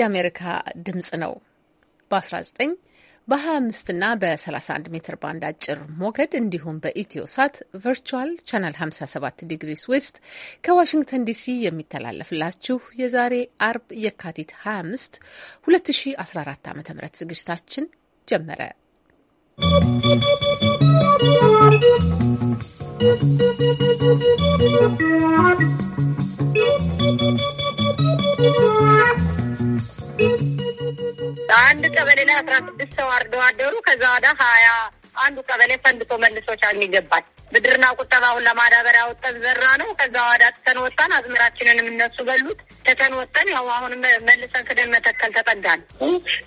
የአሜሪካ ድምጽ ነው። በ19 በ25 እና በ31 ሜትር ባንድ አጭር ሞገድ እንዲሁም በኢትዮ ሳት ቨርቹዋል ቻናል 57 ዲግሪስ ዌስት ከዋሽንግተን ዲሲ የሚተላለፍላችሁ የዛሬ አርብ የካቲት 25 2014 ዓ ም ዝግጅታችን ጀመረ። ¶¶ አንድ ቀበሌ ላይ አስራ ስድስት ሰው አርደው አደሩ። ከዛ ወደ ሀያ አንዱ ቀበሌ ፈንድቶ መልሶ ቻልን ይገባል። ብድርና ቁጠባውን ለማዳበሪያ አውጥተን ዘራ ነው። ከዛ ወዳ ትተን ወጣን። አዝመራችንን የምነሱ በሉት። ትተን ወጠን ያው አሁን መልሰን ክደን መተከል ተጠጋን።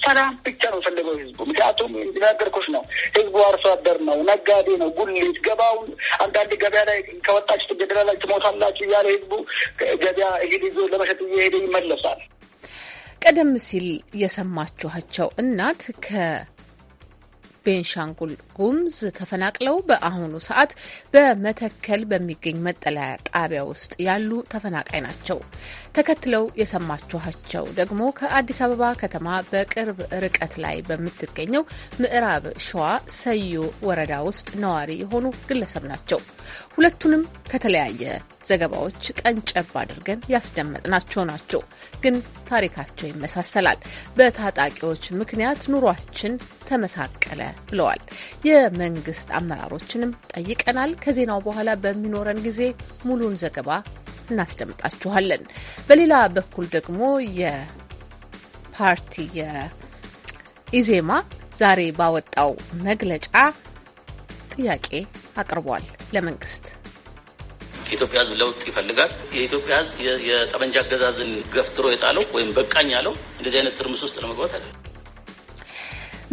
ሰላም ብቻ ነው ፈለገው ህዝቡ። ምክንያቱም ነገርኩሽ ነው ህዝቡ አርሶ አደር ነው፣ ነጋዴ ነው፣ ጉሊት ገባውን አንዳንድ ገበያ ላይ ከወጣችሁ ትገደላላችሁ፣ ትሞታላችሁ እያለ ህዝቡ ገበያ ሄድ ይዞ ለመሸጥ እየሄደ ይመለሳል። ቀደም ሲል የሰማችኋቸው እናት ከ ቤንሻንጉል ጉምዝ ተፈናቅለው በአሁኑ ሰዓት በመተከል በሚገኝ መጠለያ ጣቢያ ውስጥ ያሉ ተፈናቃይ ናቸው። ተከትለው የሰማችኋቸው ደግሞ ከአዲስ አበባ ከተማ በቅርብ ርቀት ላይ በምትገኘው ምዕራብ ሸዋ ሰዩ ወረዳ ውስጥ ነዋሪ የሆኑ ግለሰብ ናቸው። ሁለቱንም ከተለያየ ዘገባዎች ቀንጨብ አድርገን ያስደመጥናቸው ናቸው። ግን ታሪካቸው ይመሳሰላል። በታጣቂዎች ምክንያት ኑሯችን ተመሳቀለ ብለዋል። የመንግስት አመራሮችንም ጠይቀናል። ከዜናው በኋላ በሚኖረን ጊዜ ሙሉን ዘገባ እናስደምጣችኋለን። በሌላ በኩል ደግሞ የፓርቲ የኢዜማ ዛሬ ባወጣው መግለጫ ጥያቄ አቅርቧል ለመንግስት። የኢትዮጵያ ሕዝብ ለውጥ ይፈልጋል። የኢትዮጵያ ሕዝብ የጠመንጃ አገዛዝን ገፍትሮ የጣለው ወይም በቃኝ ያለው እንደዚህ አይነት ትርምስ ውስጥ ለመግባት አይደለም።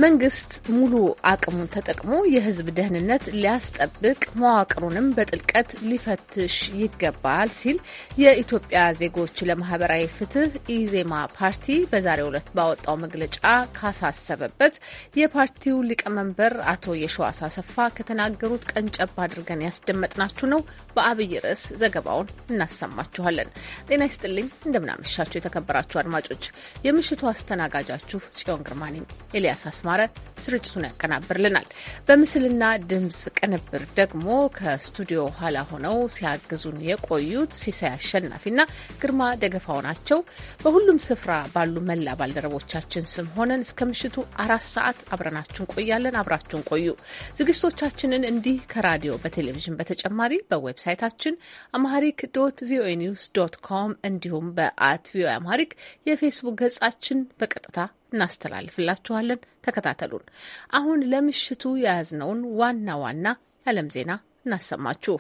መንግስት ሙሉ አቅሙን ተጠቅሞ የህዝብ ደህንነት ሊያስጠብቅ መዋቅሩንም በጥልቀት ሊፈትሽ ይገባል ሲል የኢትዮጵያ ዜጎች ለማህበራዊ ፍትህ ኢዜማ ፓርቲ በዛሬው ዕለት ባወጣው መግለጫ ካሳሰበበት የፓርቲው ሊቀመንበር አቶ የሸዋስ አሰፋ ከተናገሩት ቀንጨብ አድርገን ያስደመጥናችሁ ነው። በአብይ ርዕስ ዘገባውን እናሰማችኋለን። ጤና ይስጥልኝ፣ እንደምናመሻችሁ የተከበራችሁ አድማጮች፣ የምሽቱ አስተናጋጃችሁ ጽዮን ግርማ ነኝ። ኤልያስ አስማረ ስርጭቱን ያቀናብርልናል። በምስልና ድምፅ ቅንብር ደግሞ ከስቱዲዮ ኋላ ሆነው ሲያግዙን የቆዩት ሲሳይ አሸናፊና ግርማ ደገፋው ናቸው። በሁሉም ስፍራ ባሉ መላ ባልደረቦቻችን ስም ሆነን እስከ ምሽቱ አራት ሰዓት አብረናችሁን ቆያለን። አብራችሁን ቆዩ። ዝግጅቶቻችንን እንዲህ ከራዲዮ በቴሌቪዥን በተጨማሪ በዌብሳይታችን አማሪክ ዶት ቪኦኤ ኒውስ ዶት ኮም እንዲሁም በአት ቪኦኤ አማሪክ የፌስቡክ ገጻችን በቀጥታ እናስተላልፍላችኋለን። ተከታተሉን። አሁን ለምሽቱ የያዝነውን ዋና ዋና የዓለም ዜና እናሰማችሁ።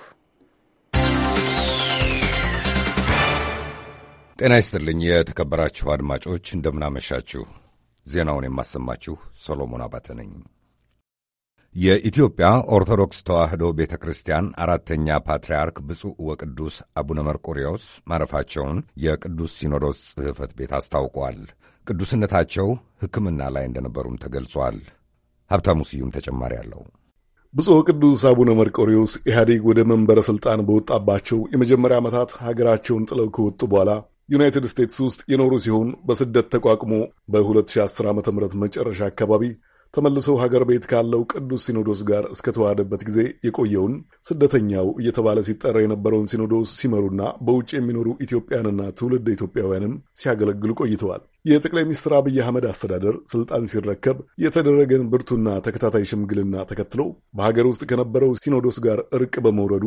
ጤና ይስጥልኝ የተከበራችሁ አድማጮች፣ እንደምናመሻችሁ። ዜናውን የማሰማችሁ ሶሎሞን አባተ ነኝ። የኢትዮጵያ ኦርቶዶክስ ተዋሕዶ ቤተ ክርስቲያን አራተኛ ፓትርያርክ ብፁዕ ወቅዱስ አቡነ መርቆሪዎስ ማረፋቸውን የቅዱስ ሲኖዶስ ጽሕፈት ቤት አስታውቋል። ቅዱስነታቸው ሕክምና ላይ እንደነበሩም ተገልጿል። ሀብታሙ ስዩም ተጨማሪ አለው። ብፁዕ ቅዱስ አቡነ መርቆሪዎስ ኢህአዴግ ወደ መንበረ ሥልጣን በወጣባቸው የመጀመሪያ ዓመታት ሀገራቸውን ጥለው ከወጡ በኋላ ዩናይትድ ስቴትስ ውስጥ የኖሩ ሲሆን በስደት ተቋቁሞ በ2010 ዓ ም መጨረሻ አካባቢ ተመልሰው ሀገር ቤት ካለው ቅዱስ ሲኖዶስ ጋር እስከተዋሃደበት ጊዜ የቆየውን ስደተኛው እየተባለ ሲጠራ የነበረውን ሲኖዶስ ሲመሩና በውጭ የሚኖሩ ኢትዮጵያንና ትውልድ ኢትዮጵያውያንም ሲያገለግሉ ቆይተዋል። የጠቅላይ ሚኒስትር አብይ አህመድ አስተዳደር ስልጣን ሲረከብ የተደረገን ብርቱና ተከታታይ ሽምግልና ተከትሎ በሀገር ውስጥ ከነበረው ሲኖዶስ ጋር እርቅ በመውረዱ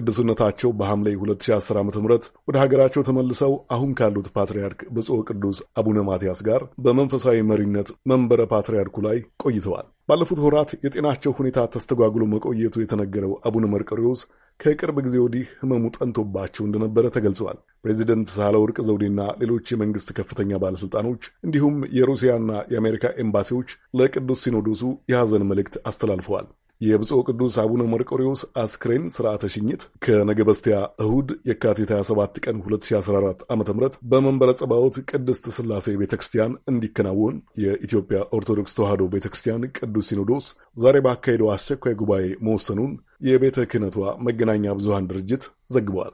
ቅዱስነታቸው በሐምሌ 2010 ዓ ም ወደ ሀገራቸው ተመልሰው አሁን ካሉት ፓትርያርክ ብፁዕ ቅዱስ አቡነ ማትያስ ጋር በመንፈሳዊ መሪነት መንበረ ፓትርያርኩ ላይ ቆይተዋል። ባለፉት ወራት የጤናቸው ሁኔታ ተስተጓጉሎ መቆየቱ የተነገረው አቡነ መርቆሬዎስ ከቅርብ ጊዜ ወዲህ ህመሙ ጠንቶባቸው እንደነበረ ተገልጿል። ፕሬዚደንት ሳህለወርቅ ዘውዴና ሌሎች የመንግስት ከፍተኛ ባለሥልጣኖች እንዲሁም የሩሲያና የአሜሪካ ኤምባሲዎች ለቅዱስ ሲኖዶሱ የሐዘን መልእክት አስተላልፈዋል። የብፁዕ ቅዱስ አቡነ መርቆሪዎስ አስክሬን ስርዓተ ሽኝት ከነገ በስቲያ እሁድ የካቲት 27 ቀን 2014 ዓ ም በመንበረ ጸባዖት ቅድስት ስላሴ ቤተ ክርስቲያን እንዲከናወን የኢትዮጵያ ኦርቶዶክስ ተዋሕዶ ቤተ ክርስቲያን ቅዱስ ሲኖዶስ ዛሬ ባካሄደው አስቸኳይ ጉባኤ መወሰኑን የቤተ ክህነቷ መገናኛ ብዙሃን ድርጅት ዘግቧል።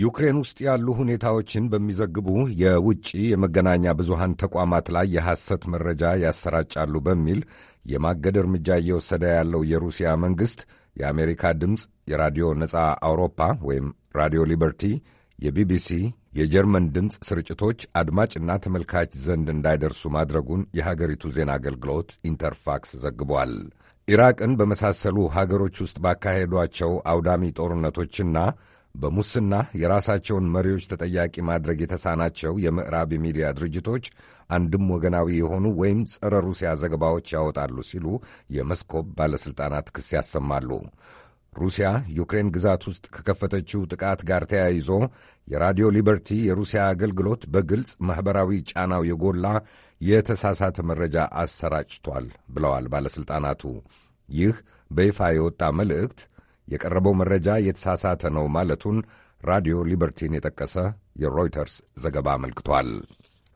ዩክሬን ውስጥ ያሉ ሁኔታዎችን በሚዘግቡ የውጭ የመገናኛ ብዙሃን ተቋማት ላይ የሐሰት መረጃ ያሰራጫሉ በሚል የማገድ እርምጃ እየወሰደ ያለው የሩሲያ መንግሥት የአሜሪካ ድምፅ፣ የራዲዮ ነፃ አውሮፓ ወይም ራዲዮ ሊበርቲ፣ የቢቢሲ፣ የጀርመን ድምፅ ስርጭቶች አድማጭና ተመልካች ዘንድ እንዳይደርሱ ማድረጉን የሀገሪቱ ዜና አገልግሎት ኢንተርፋክስ ዘግቧል። ኢራቅን በመሳሰሉ ሀገሮች ውስጥ ባካሄዷቸው አውዳሚ ጦርነቶችና በሙስና የራሳቸውን መሪዎች ተጠያቂ ማድረግ የተሳናቸው የምዕራብ የሚዲያ ድርጅቶች አንድም ወገናዊ የሆኑ ወይም ጸረ ሩሲያ ዘገባዎች ያወጣሉ ሲሉ የመስኮብ ባለሥልጣናት ክስ ያሰማሉ። ሩሲያ ዩክሬን ግዛት ውስጥ ከከፈተችው ጥቃት ጋር ተያይዞ የራዲዮ ሊበርቲ የሩሲያ አገልግሎት በግልጽ ማኅበራዊ ጫናው የጎላ የተሳሳተ መረጃ አሰራጭቷል ብለዋል ባለሥልጣናቱ። ይህ በይፋ የወጣ መልእክት የቀረበው መረጃ የተሳሳተ ነው ማለቱን ራዲዮ ሊበርቲን የጠቀሰ የሮይተርስ ዘገባ አመልክቷል።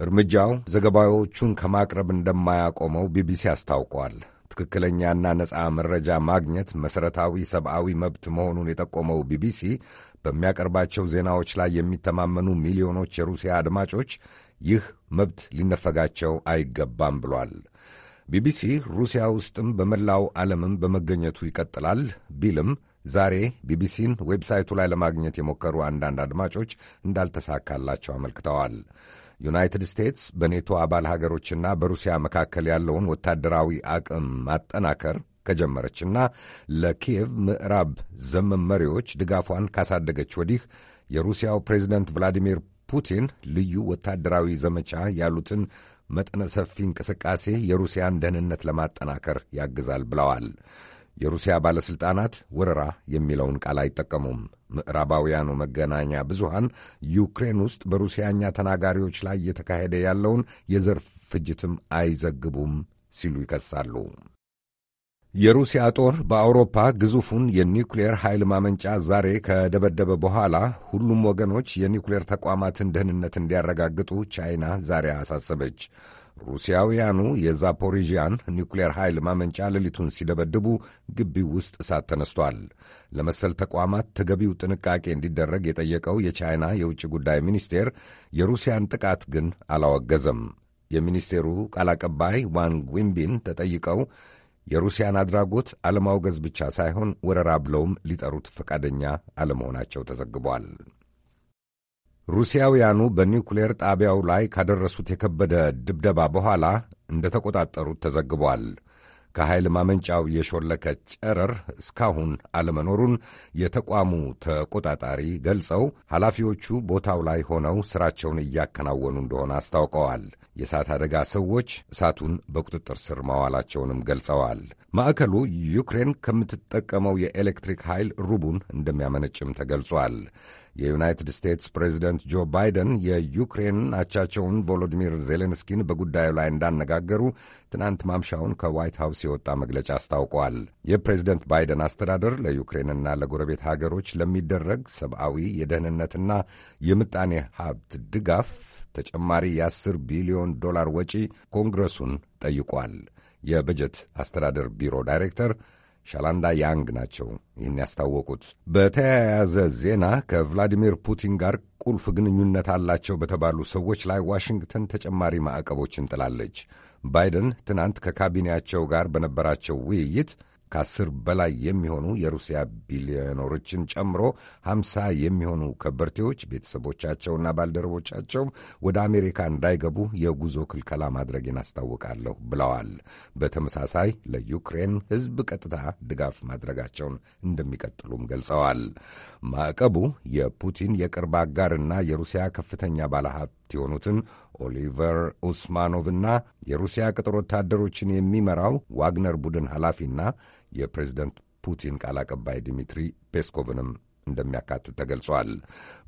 እርምጃው ዘገባዎቹን ከማቅረብ እንደማያቆመው ቢቢሲ አስታውቋል። ትክክለኛና ነፃ መረጃ ማግኘት መሠረታዊ ሰብአዊ መብት መሆኑን የጠቆመው ቢቢሲ በሚያቀርባቸው ዜናዎች ላይ የሚተማመኑ ሚሊዮኖች የሩሲያ አድማጮች ይህ መብት ሊነፈጋቸው አይገባም ብሏል። ቢቢሲ ሩሲያ ውስጥም በመላው ዓለምም በመገኘቱ ይቀጥላል ቢልም ዛሬ ቢቢሲን ዌብሳይቱ ላይ ለማግኘት የሞከሩ አንዳንድ አድማጮች እንዳልተሳካላቸው አመልክተዋል። ዩናይትድ ስቴትስ በኔቶ አባል ሀገሮችና በሩሲያ መካከል ያለውን ወታደራዊ አቅም ማጠናከር ከጀመረችና ለኪየቭ ምዕራብ ዘመን መሪዎች ድጋፏን ካሳደገች ወዲህ የሩሲያው ፕሬዚደንት ቭላዲሚር ፑቲን ልዩ ወታደራዊ ዘመቻ ያሉትን መጠነ ሰፊ እንቅስቃሴ የሩሲያን ደህንነት ለማጠናከር ያግዛል ብለዋል። የሩሲያ ባለሥልጣናት ወረራ የሚለውን ቃል አይጠቀሙም። ምዕራባውያኑ መገናኛ ብዙሃን ዩክሬን ውስጥ በሩሲያኛ ተናጋሪዎች ላይ እየተካሄደ ያለውን የዘር ፍጅትም አይዘግቡም ሲሉ ይከሳሉ። የሩሲያ ጦር በአውሮፓ ግዙፉን የኒውክሌር ኃይል ማመንጫ ዛሬ ከደበደበ በኋላ ሁሉም ወገኖች የኒውክሌር ተቋማትን ደህንነት እንዲያረጋግጡ ቻይና ዛሬ አሳሰበች። ሩሲያውያኑ የዛፖሪዥያን ኒውክሌር ኃይል ማመንጫ ሌሊቱን ሲደበድቡ ግቢው ውስጥ እሳት ተነስቷል። ለመሰል ተቋማት ተገቢው ጥንቃቄ እንዲደረግ የጠየቀው የቻይና የውጭ ጉዳይ ሚኒስቴር የሩሲያን ጥቃት ግን አላወገዘም። የሚኒስቴሩ ቃል አቀባይ ዋን ጉንቢን ተጠይቀው የሩሲያን አድራጎት አለማውገዝ ብቻ ሳይሆን ወረራ ብለውም ሊጠሩት ፈቃደኛ አለመሆናቸው ተዘግቧል። ሩሲያውያኑ በኒውክሌር ጣቢያው ላይ ካደረሱት የከበደ ድብደባ በኋላ እንደተቆጣጠሩት ተዘግቧል። ከኃይል ማመንጫው የሾለከ ጨረር እስካሁን አለመኖሩን የተቋሙ ተቆጣጣሪ ገልጸው ኃላፊዎቹ ቦታው ላይ ሆነው ስራቸውን እያከናወኑ እንደሆነ አስታውቀዋል። የእሳት አደጋ ሰዎች እሳቱን በቁጥጥር ስር ማዋላቸውንም ገልጸዋል። ማዕከሉ ዩክሬን ከምትጠቀመው የኤሌክትሪክ ኃይል ሩቡን እንደሚያመነጭም ተገልጿል። የዩናይትድ ስቴትስ ፕሬዚደንት ጆ ባይደን የዩክሬን አቻቸውን ቮሎዲሚር ዜሌንስኪን በጉዳዩ ላይ እንዳነጋገሩ ትናንት ማምሻውን ከዋይት ሀውስ የወጣ መግለጫ አስታውቀዋል። የፕሬዚደንት ባይደን አስተዳደር ለዩክሬንና ለጎረቤት ሀገሮች ለሚደረግ ሰብአዊ የደህንነትና የምጣኔ ሀብት ድጋፍ ተጨማሪ የ10 ቢሊዮን ዶላር ወጪ ኮንግረሱን ጠይቋል። የበጀት አስተዳደር ቢሮ ዳይሬክተር ሻላንዳ ያንግ ናቸው ይህን ያስታወቁት። በተያያዘ ዜና ከቭላዲሚር ፑቲን ጋር ቁልፍ ግንኙነት አላቸው በተባሉ ሰዎች ላይ ዋሽንግተን ተጨማሪ ማዕቀቦችን ጥላለች። ባይደን ትናንት ከካቢኔያቸው ጋር በነበራቸው ውይይት ከአስር በላይ የሚሆኑ የሩሲያ ቢሊዮነሮችን ጨምሮ ሀምሳ የሚሆኑ ከበርቴዎች ቤተሰቦቻቸውና ባልደረቦቻቸው ወደ አሜሪካ እንዳይገቡ የጉዞ ክልከላ ማድረጌን አስታውቃለሁ ብለዋል። በተመሳሳይ ለዩክሬን ሕዝብ ቀጥታ ድጋፍ ማድረጋቸውን እንደሚቀጥሉም ገልጸዋል። ማዕቀቡ የፑቲን የቅርብ አጋርና የሩሲያ ከፍተኛ ባለሀብት አምስት የሆኑትን ኦሊቨር ኡስማኖቭና የሩሲያ ቅጥር ወታደሮችን የሚመራው ዋግነር ቡድን ኃላፊና የፕሬዝደንት ፑቲን ቃል አቀባይ ዲሚትሪ ፔስኮቭንም እንደሚያካትት ተገልጿል።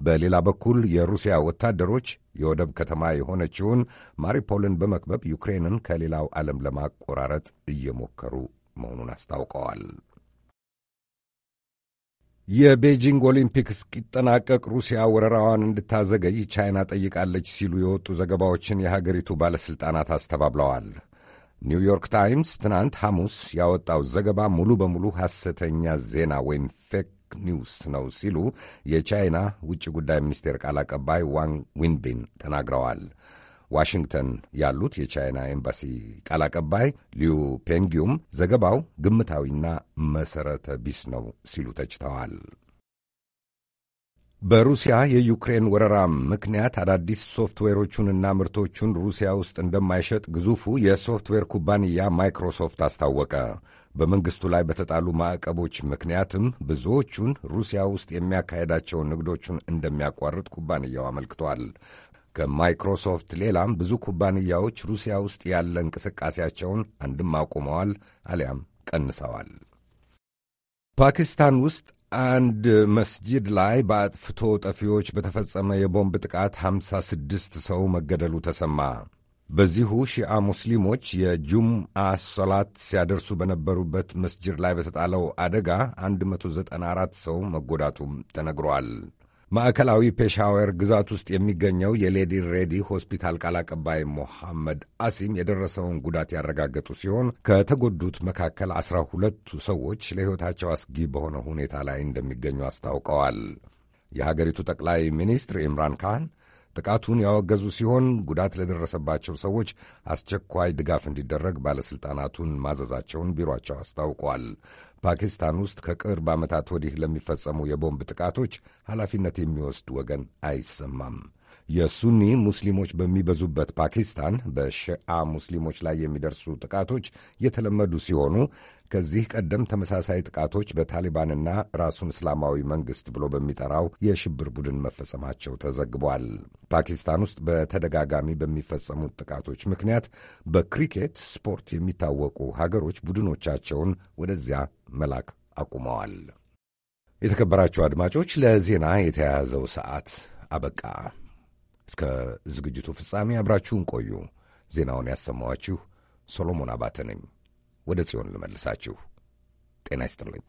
በሌላ በኩል የሩሲያ ወታደሮች የወደብ ከተማ የሆነችውን ማሪፖልን በመክበብ ዩክሬንን ከሌላው ዓለም ለማቆራረጥ እየሞከሩ መሆኑን አስታውቀዋል። የቤጂንግ ኦሊምፒክ እስኪጠናቀቅ ሩሲያ ወረራዋን እንድታዘገይ ቻይና ጠይቃለች ሲሉ የወጡ ዘገባዎችን የሀገሪቱ ባለሥልጣናት አስተባብለዋል። ኒውዮርክ ታይምስ ትናንት ሐሙስ ያወጣው ዘገባ ሙሉ በሙሉ ሐሰተኛ ዜና ወይም ፌክ ኒውስ ነው ሲሉ የቻይና ውጭ ጉዳይ ሚኒስቴር ቃል አቀባይ ዋንግ ዊንቢን ተናግረዋል። ዋሽንግተን ያሉት የቻይና ኤምባሲ ቃል አቀባይ ሊዩ ፔንጊዩም ዘገባው ግምታዊና መሰረተ ቢስ ነው ሲሉ ተችተዋል። በሩሲያ የዩክሬን ወረራ ምክንያት አዳዲስ ሶፍትዌሮቹንና ምርቶቹን ሩሲያ ውስጥ እንደማይሸጥ ግዙፉ የሶፍትዌር ኩባንያ ማይክሮሶፍት አስታወቀ። በመንግስቱ ላይ በተጣሉ ማዕቀቦች ምክንያትም ብዙዎቹን ሩሲያ ውስጥ የሚያካሄዳቸውን ንግዶቹን እንደሚያቋርጥ ኩባንያው አመልክቷል። ከማይክሮሶፍት ሌላም ብዙ ኩባንያዎች ሩሲያ ውስጥ ያለ እንቅስቃሴያቸውን አንድም አቁመዋል አሊያም ቀንሰዋል። ፓኪስታን ውስጥ አንድ መስጂድ ላይ በአጥፍቶ ጠፊዎች በተፈጸመ የቦምብ ጥቃት 56 ሰው መገደሉ ተሰማ። በዚሁ ሺአ ሙስሊሞች የጁምአ ሶላት ሲያደርሱ በነበሩበት መስጂድ ላይ በተጣለው አደጋ 194 ሰው መጎዳቱም ተነግሯል። ማዕከላዊ ፔሻወር ግዛት ውስጥ የሚገኘው የሌዲ ሬዲ ሆስፒታል ቃል አቀባይ ሞሐመድ አሲም የደረሰውን ጉዳት ያረጋገጡ ሲሆን ከተጎዱት መካከል አስራ ሁለቱ ሰዎች ለሕይወታቸው አስጊ በሆነ ሁኔታ ላይ እንደሚገኙ አስታውቀዋል። የሀገሪቱ ጠቅላይ ሚኒስትር ኢምራን ካህን ጥቃቱን ያወገዙ ሲሆን ጉዳት ለደረሰባቸው ሰዎች አስቸኳይ ድጋፍ እንዲደረግ ባለሥልጣናቱን ማዘዛቸውን ቢሮአቸው አስታውቋል። ፓኪስታን ውስጥ ከቅርብ ዓመታት ወዲህ ለሚፈጸሙ የቦምብ ጥቃቶች ኃላፊነት የሚወስድ ወገን አይሰማም። የሱኒ ሙስሊሞች በሚበዙበት ፓኪስታን በሺአ ሙስሊሞች ላይ የሚደርሱ ጥቃቶች የተለመዱ ሲሆኑ ከዚህ ቀደም ተመሳሳይ ጥቃቶች በታሊባንና ራሱን እስላማዊ መንግስት ብሎ በሚጠራው የሽብር ቡድን መፈጸማቸው ተዘግቧል። ፓኪስታን ውስጥ በተደጋጋሚ በሚፈጸሙት ጥቃቶች ምክንያት በክሪኬት ስፖርት የሚታወቁ ሀገሮች ቡድኖቻቸውን ወደዚያ መላክ አቁመዋል። የተከበራቸው አድማጮች፣ ለዜና የተያያዘው ሰዓት አበቃ። እስከ ዝግጅቱ ፍጻሜ አብራችሁን ቆዩ። ዜናውን ያሰማኋችሁ ሶሎሞን አባተ ነኝ። ወደ ጽዮን ልመልሳችሁ። ጤና ይስጥልኝ።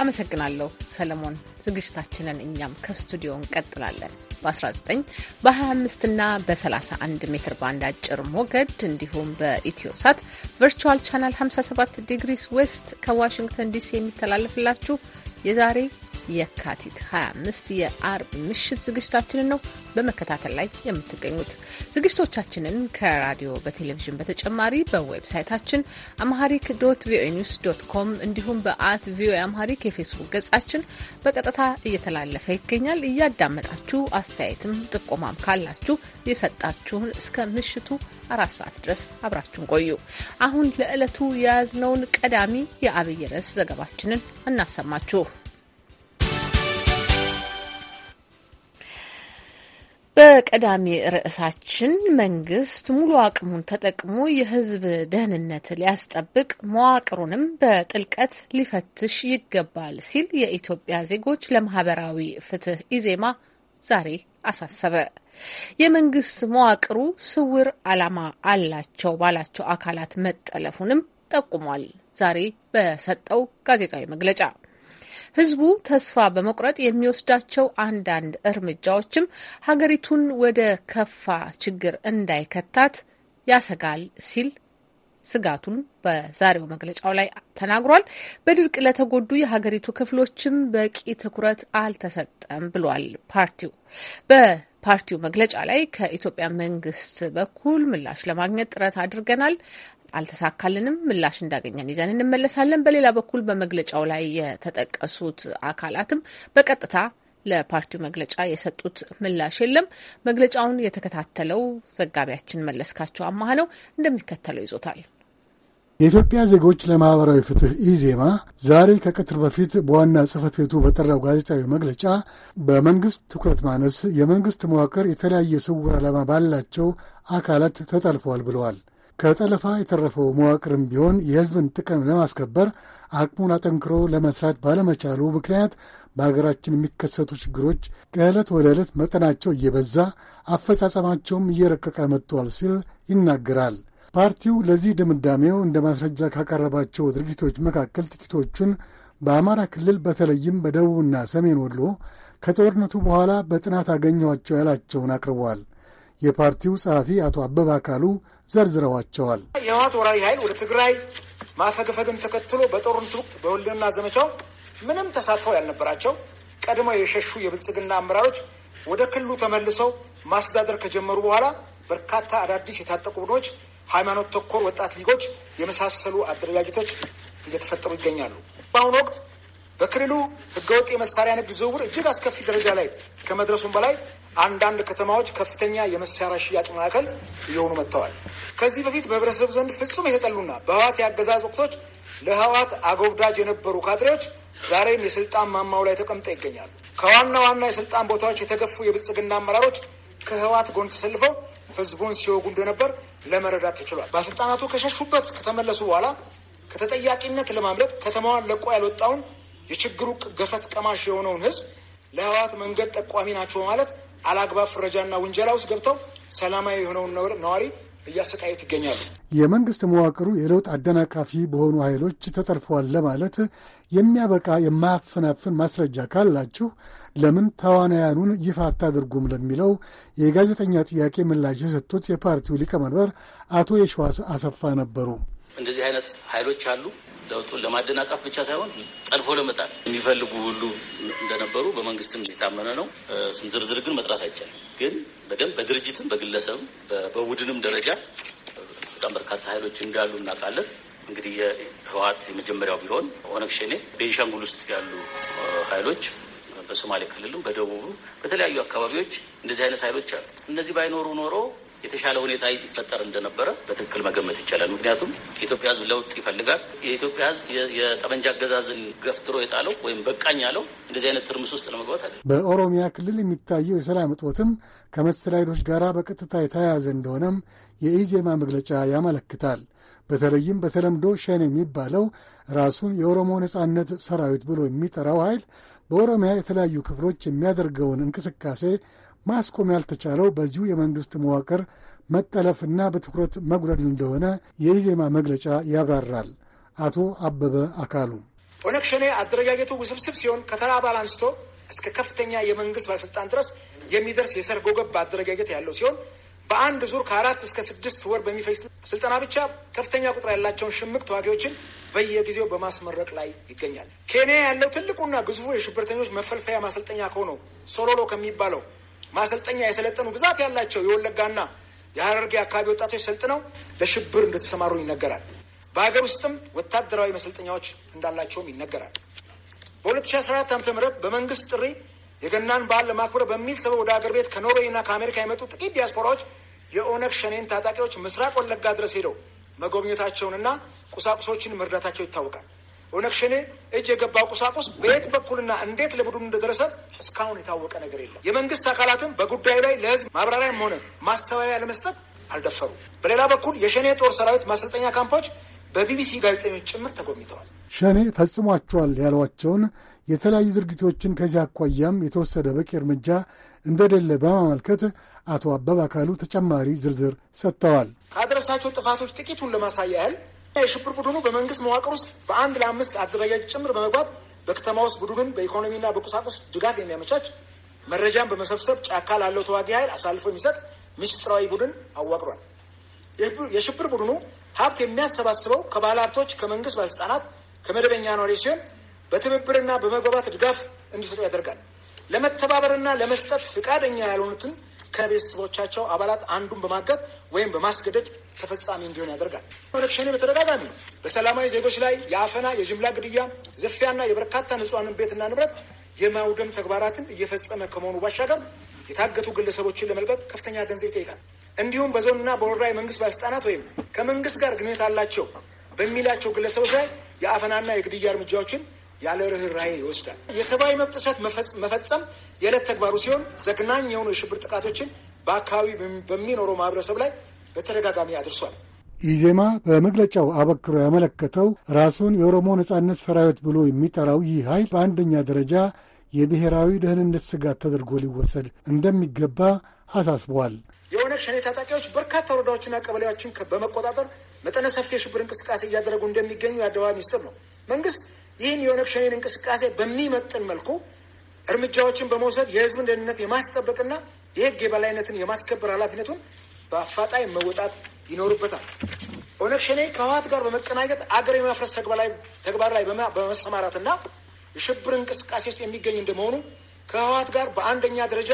አመሰግናለሁ ሰለሞን። ዝግጅታችንን እኛም ከስቱዲዮ እንቀጥላለን። በ19 በ25 እና በ31 ሜትር ባንድ አጭር ሞገድ እንዲሁም በኢትዮሳት ቨርቹዋል ቻናል 57 ዲግሪስ ዌስት ከዋሽንግተን ዲሲ የሚተላለፍላችሁ የዛሬ የካቲት 25 የአርብ ምሽት ዝግጅታችንን ነው በመከታተል ላይ የምትገኙት። ዝግጅቶቻችንን ከራዲዮ በቴሌቪዥን በተጨማሪ በዌብሳይታችን አምሃሪክ ዶት ቪኦኤ ኒውስ ዶት ኮም እንዲሁም በአት ቪኦኤ አምሃሪክ የፌስቡክ ገጻችን በቀጥታ እየተላለፈ ይገኛል። እያዳመጣችሁ አስተያየትም ጥቆማም ካላችሁ የሰጣችሁን እስከ ምሽቱ አራት ሰዓት ድረስ አብራችሁን ቆዩ። አሁን ለዕለቱ የያዝነውን ቀዳሚ የአብይ ርዕስ ዘገባችንን እናሰማችሁ። በቀዳሚ ርዕሳችን መንግስት ሙሉ አቅሙን ተጠቅሞ የህዝብ ደህንነት ሊያስጠብቅ መዋቅሩንም በጥልቀት ሊፈትሽ ይገባል ሲል የኢትዮጵያ ዜጎች ለማህበራዊ ፍትህ ኢዜማ ዛሬ አሳሰበ። የመንግስት መዋቅሩ ስውር ዓላማ አላቸው ባላቸው አካላት መጠለፉንም ጠቁሟል። ዛሬ በሰጠው ጋዜጣዊ መግለጫ ህዝቡ ተስፋ በመቁረጥ የሚወስዳቸው አንዳንድ እርምጃዎችም ሀገሪቱን ወደ ከፋ ችግር እንዳይከታት ያሰጋል ሲል ስጋቱን በዛሬው መግለጫው ላይ ተናግሯል። በድርቅ ለተጎዱ የሀገሪቱ ክፍሎችም በቂ ትኩረት አልተሰጠም ብሏል። ፓርቲው በፓርቲው መግለጫ ላይ ከኢትዮጵያ መንግስት በኩል ምላሽ ለማግኘት ጥረት አድርገናል፣ አልተሳካልንም። ምላሽ እንዳገኘን ይዘን እንመለሳለን። በሌላ በኩል በመግለጫው ላይ የተጠቀሱት አካላትም በቀጥታ ለፓርቲው መግለጫ የሰጡት ምላሽ የለም። መግለጫውን የተከታተለው ዘጋቢያችን መለስካቸው አማህ ነው፣ እንደሚከተለው ይዞታል። የኢትዮጵያ ዜጎች ለማህበራዊ ፍትህ ኢዜማ ዛሬ ከቀትር በፊት በዋና ጽሕፈት ቤቱ በጠራው ጋዜጣዊ መግለጫ በመንግስት ትኩረት ማነስ የመንግስት መዋቅር የተለያየ ስውር ዓላማ ባላቸው አካላት ተጠልፈዋል ብለዋል። ከጠለፋ የተረፈው መዋቅርም ቢሆን የሕዝብን ጥቅም ለማስከበር አቅሙን አጠንክሮ ለመስራት ባለመቻሉ ምክንያት በሀገራችን የሚከሰቱ ችግሮች ከዕለት ወደ ዕለት መጠናቸው እየበዛ አፈጻጸማቸውም እየረቀቀ መጥቷል ሲል ይናገራል። ፓርቲው ለዚህ ድምዳሜው እንደ ማስረጃ ካቀረባቸው ድርጊቶች መካከል ጥቂቶቹን በአማራ ክልል በተለይም በደቡብና ሰሜን ወሎ ከጦርነቱ በኋላ በጥናት አገኘኋቸው ያላቸውን አቅርቧል። የፓርቲው ጸሐፊ አቶ አበበ አካሉ ዘርዝረዋቸዋል። የህወሓት ወራሪ ኃይል ወደ ትግራይ ማፈግፈግን ተከትሎ በጦርነት ወቅት በወልድና ዘመቻው ምንም ተሳትፎ ያልነበራቸው ቀድሞ የሸሹ የብልጽግና አመራሮች ወደ ክልሉ ተመልሰው ማስተዳደር ከጀመሩ በኋላ በርካታ አዳዲስ የታጠቁ ቡድኖች፣ ሃይማኖት ተኮር ወጣት ሊጎች የመሳሰሉ አደረጃጀቶች እየተፈጠሩ ይገኛሉ። በአሁኑ ወቅት በክልሉ ህገወጥ የመሳሪያ ንግድ ዝውውር እጅግ አስከፊ ደረጃ ላይ ከመድረሱም በላይ አንዳንድ ከተማዎች ከፍተኛ የመሳሪያ ሽያጭ ማዕከል እየሆኑ መጥተዋል። ከዚህ በፊት በህብረተሰብ ዘንድ ፍጹም የተጠሉና በህዋት የአገዛዝ ወቅቶች ለህዋት አጎብዳጅ የነበሩ ካድሬዎች ዛሬም የስልጣን ማማው ላይ ተቀምጠው ይገኛሉ። ከዋና ዋና የስልጣን ቦታዎች የተገፉ የብልጽግና አመራሮች ከህዋት ጎን ተሰልፈው ህዝቡን ሲወጉ እንደነበር ለመረዳት ተችሏል። ባለስልጣናቱ ከሸሹበት ከተመለሱ በኋላ ከተጠያቂነት ለማምለጥ ከተማዋን ለቆ ያልወጣውን የችግሩ ገፈት ቀማሽ የሆነውን ህዝብ ለህዋት መንገድ ጠቋሚ ናቸው ማለት አላግባብ ፍረጃና ውንጀላ ውስጥ ገብተው ሰላማዊ የሆነውን ነዋሪ እያሰቃየት ይገኛሉ። የመንግስት መዋቅሩ የለውጥ አደናቃፊ በሆኑ ኃይሎች ተጠርፈዋል ለማለት የሚያበቃ የማያፈናፍን ማስረጃ ካላችሁ ለምን ተዋናያኑን ይፋ አታድርጉም ለሚለው የጋዜጠኛ ጥያቄ ምላሽ የሰጡት የፓርቲው ሊቀመንበር አቶ የሸዋስ አሰፋ ነበሩ። እንደዚህ አይነት ኃይሎች አሉ ለውጡን ለማደናቀፍ ብቻ ሳይሆን ጠልፎ ለመጣል የሚፈልጉ ሁሉ እንደነበሩ በመንግስትም የታመነ ነው። ስም ዝርዝር ግን መጥራት አይቻልም። ግን በደንብ በድርጅትም በግለሰብም በቡድንም ደረጃ በጣም በርካታ ኃይሎች እንዳሉ እናውቃለን። እንግዲህ የህወሀት የመጀመሪያው ቢሆን ኦነግ ሸኔ፣ ቤንሻንጉል ውስጥ ያሉ ኃይሎች በሶማሌ ክልልም በደቡብም በተለያዩ አካባቢዎች እንደዚህ አይነት ኃይሎች አሉ። እነዚህ ባይኖሩ ኖሮ የተሻለ ሁኔታ ይፈጠር እንደነበረ በትክክል መገመት ይቻላል። ምክንያቱም የኢትዮጵያ ሕዝብ ለውጥ ይፈልጋል። የኢትዮጵያ ሕዝብ የጠመንጃ አገዛዝን ገፍትሮ የጣለው ወይም በቃኝ ያለው እንደዚህ አይነት ትርምስ ውስጥ ለመግባት አለ። በኦሮሚያ ክልል የሚታየው የሰላም እጦትም ከመሰል ኃይሎች ጋር በቀጥታ የተያያዘ እንደሆነም የኢዜማ መግለጫ ያመለክታል። በተለይም በተለምዶ ሸን የሚባለው ራሱን የኦሮሞ ነጻነት ሰራዊት ብሎ የሚጠራው ኃይል በኦሮሚያ የተለያዩ ክፍሎች የሚያደርገውን እንቅስቃሴ ማስቆም ያልተቻለው በዚሁ የመንግሥት መዋቅር መጠለፍና በትኩረት መጉረድ እንደሆነ የኢዜማ መግለጫ ያብራራል። አቶ አበበ አካሉ ኦነግ ሸኔ አደረጃጀቱ ውስብስብ ሲሆን ከተራ አባል አንስቶ እስከ ከፍተኛ የመንግስት ባለስልጣን ድረስ የሚደርስ የሰርጎ ገብ አደረጃጀት ያለው ሲሆን በአንድ ዙር ከአራት እስከ ስድስት ወር በሚፈጅ ስልጠና ብቻ ከፍተኛ ቁጥር ያላቸውን ሽምቅ ተዋጊዎችን በየጊዜው በማስመረቅ ላይ ይገኛል። ኬንያ ያለው ትልቁና ግዙፉ የሽብርተኞች መፈልፈያ ማሰልጠኛ ከሆነው ሶሎሎ ከሚባለው ማሰልጠኛ የሰለጠኑ ብዛት ያላቸው የወለጋና የሀረርጌ አካባቢ ወጣቶች ሰልጥነው ለሽብር እንደተሰማሩ ይነገራል። በሀገር ውስጥም ወታደራዊ መሰልጠኛዎች እንዳላቸውም ይነገራል። በ2014 ዓ ም በመንግስት ጥሪ የገናን በዓል ለማክበር በሚል ሰበብ ወደ ሀገር ቤት ከኖርዌይ ከአሜሪካ የመጡ ጥቂት ዲያስፖራዎች የኦነግ ሸኔን ታጣቂዎች ምስራቅ ወለጋ ድረስ ሄደው መጎብኘታቸውንና ቁሳቁሶችን መርዳታቸው ይታወቃል። ኦነግ ሸኔ እጅ የገባ ቁሳቁስ በየት በኩልና እንዴት ለቡድኑ እንደደረሰ እስካሁን የታወቀ ነገር የለም። የመንግስት አካላትም በጉዳዩ ላይ ለህዝብ ማብራሪያም ሆነ ማስተባበያ ለመስጠት አልደፈሩ። በሌላ በኩል የሸኔ ጦር ሰራዊት ማሰልጠኛ ካምፖች በቢቢሲ ጋዜጠኞች ጭምር ተጎብኝተዋል። ሸኔ ፈጽሟቸዋል ያሏቸውን የተለያዩ ድርጊቶችን ከዚህ አኳያም የተወሰደ በቂ እርምጃ እንደሌለ በማመልከት አቶ አበባ አካሉ ተጨማሪ ዝርዝር ሰጥተዋል። ካደረሳቸው ጥፋቶች ጥቂቱን ለማሳያ ያህል የሽብር ቡድኑ በመንግስት መዋቅር ውስጥ በአንድ ለአምስት አደረጃጀት ጭምር በመግባት በከተማ ውስጥ ቡድኑን በኢኮኖሚና በቁሳቁስ ድጋፍ የሚያመቻች መረጃን በመሰብሰብ ጫካ ላለው ተዋጊ ኃይል አሳልፎ የሚሰጥ ምስጢራዊ ቡድን አዋቅሯል። የሽብር ቡድኑ ሀብት የሚያሰባስበው ከባለ ሀብቶች፣ ከመንግስት ባለስልጣናት፣ ከመደበኛ ኗሪ ሲሆን በትብብርና በመግባባት ድጋፍ እንዲሰጡ ያደርጋል። ለመተባበርና ለመስጠት ፍቃደኛ ያልሆኑትን ከቤተሰቦቻቸው አባላት አንዱን በማገት ወይም በማስገደድ ተፈጻሚ እንዲሆን ያደርጋል። ኦነግ ሸኔ በተደጋጋሚ በሰላማዊ ዜጎች ላይ የአፈና፣ የጅምላ ግድያ፣ ዝርፊያና የበርካታ ንጹሐንን ቤትና ንብረት የማውደም ተግባራትን እየፈጸመ ከመሆኑ ባሻገር የታገቱ ግለሰቦችን ለመልቀቅ ከፍተኛ ገንዘብ ይጠይቃል። እንዲሁም በዞንና በወረዳ የመንግስት ባለስልጣናት ወይም ከመንግስት ጋር ግንኙነት አላቸው በሚላቸው ግለሰቦች ላይ የአፈናና የግድያ እርምጃዎችን ያለ ራይ ይወስዳል። የሰብአዊ መብት ጥሰት መፈጸም የዕለት ተግባሩ ሲሆን ዘግናኝ የሆኑ የሽብር ጥቃቶችን በአካባቢ በሚኖረው ማህበረሰብ ላይ በተደጋጋሚ አድርሷል። ኢዜማ በመግለጫው አበክሮ ያመለከተው ራሱን የኦሮሞ ነጻነት ሰራዊት ብሎ የሚጠራው ይህ ኃይል በአንደኛ ደረጃ የብሔራዊ ደህንነት ስጋት ተደርጎ ሊወሰድ እንደሚገባ አሳስበዋል። የኦነግ ሸኔ ታጣቂዎች በርካታ ወረዳዎችና ቀበሌዎችን በመቆጣጠር መጠነ ሰፊ የሽብር እንቅስቃሴ እያደረጉ እንደሚገኙ የአደባባይ ሚስጥር ነው። መንግስት ይህን የኦነግ ሸኔን እንቅስቃሴ በሚመጥን መልኩ እርምጃዎችን በመውሰድ የህዝብን ደህንነት የማስጠበቅና የህግ የበላይነትን የማስከበር ኃላፊነቱን በአፋጣኝ መወጣት ይኖርበታል። ኦነግ ሸኔ ከህወሓት ጋር በመቀናጀት አገር የማፍረስ ተግባር ላይ በመሰማራትና የሽብር እንቅስቃሴ ውስጥ የሚገኝ እንደመሆኑ ከህወሓት ጋር በአንደኛ ደረጃ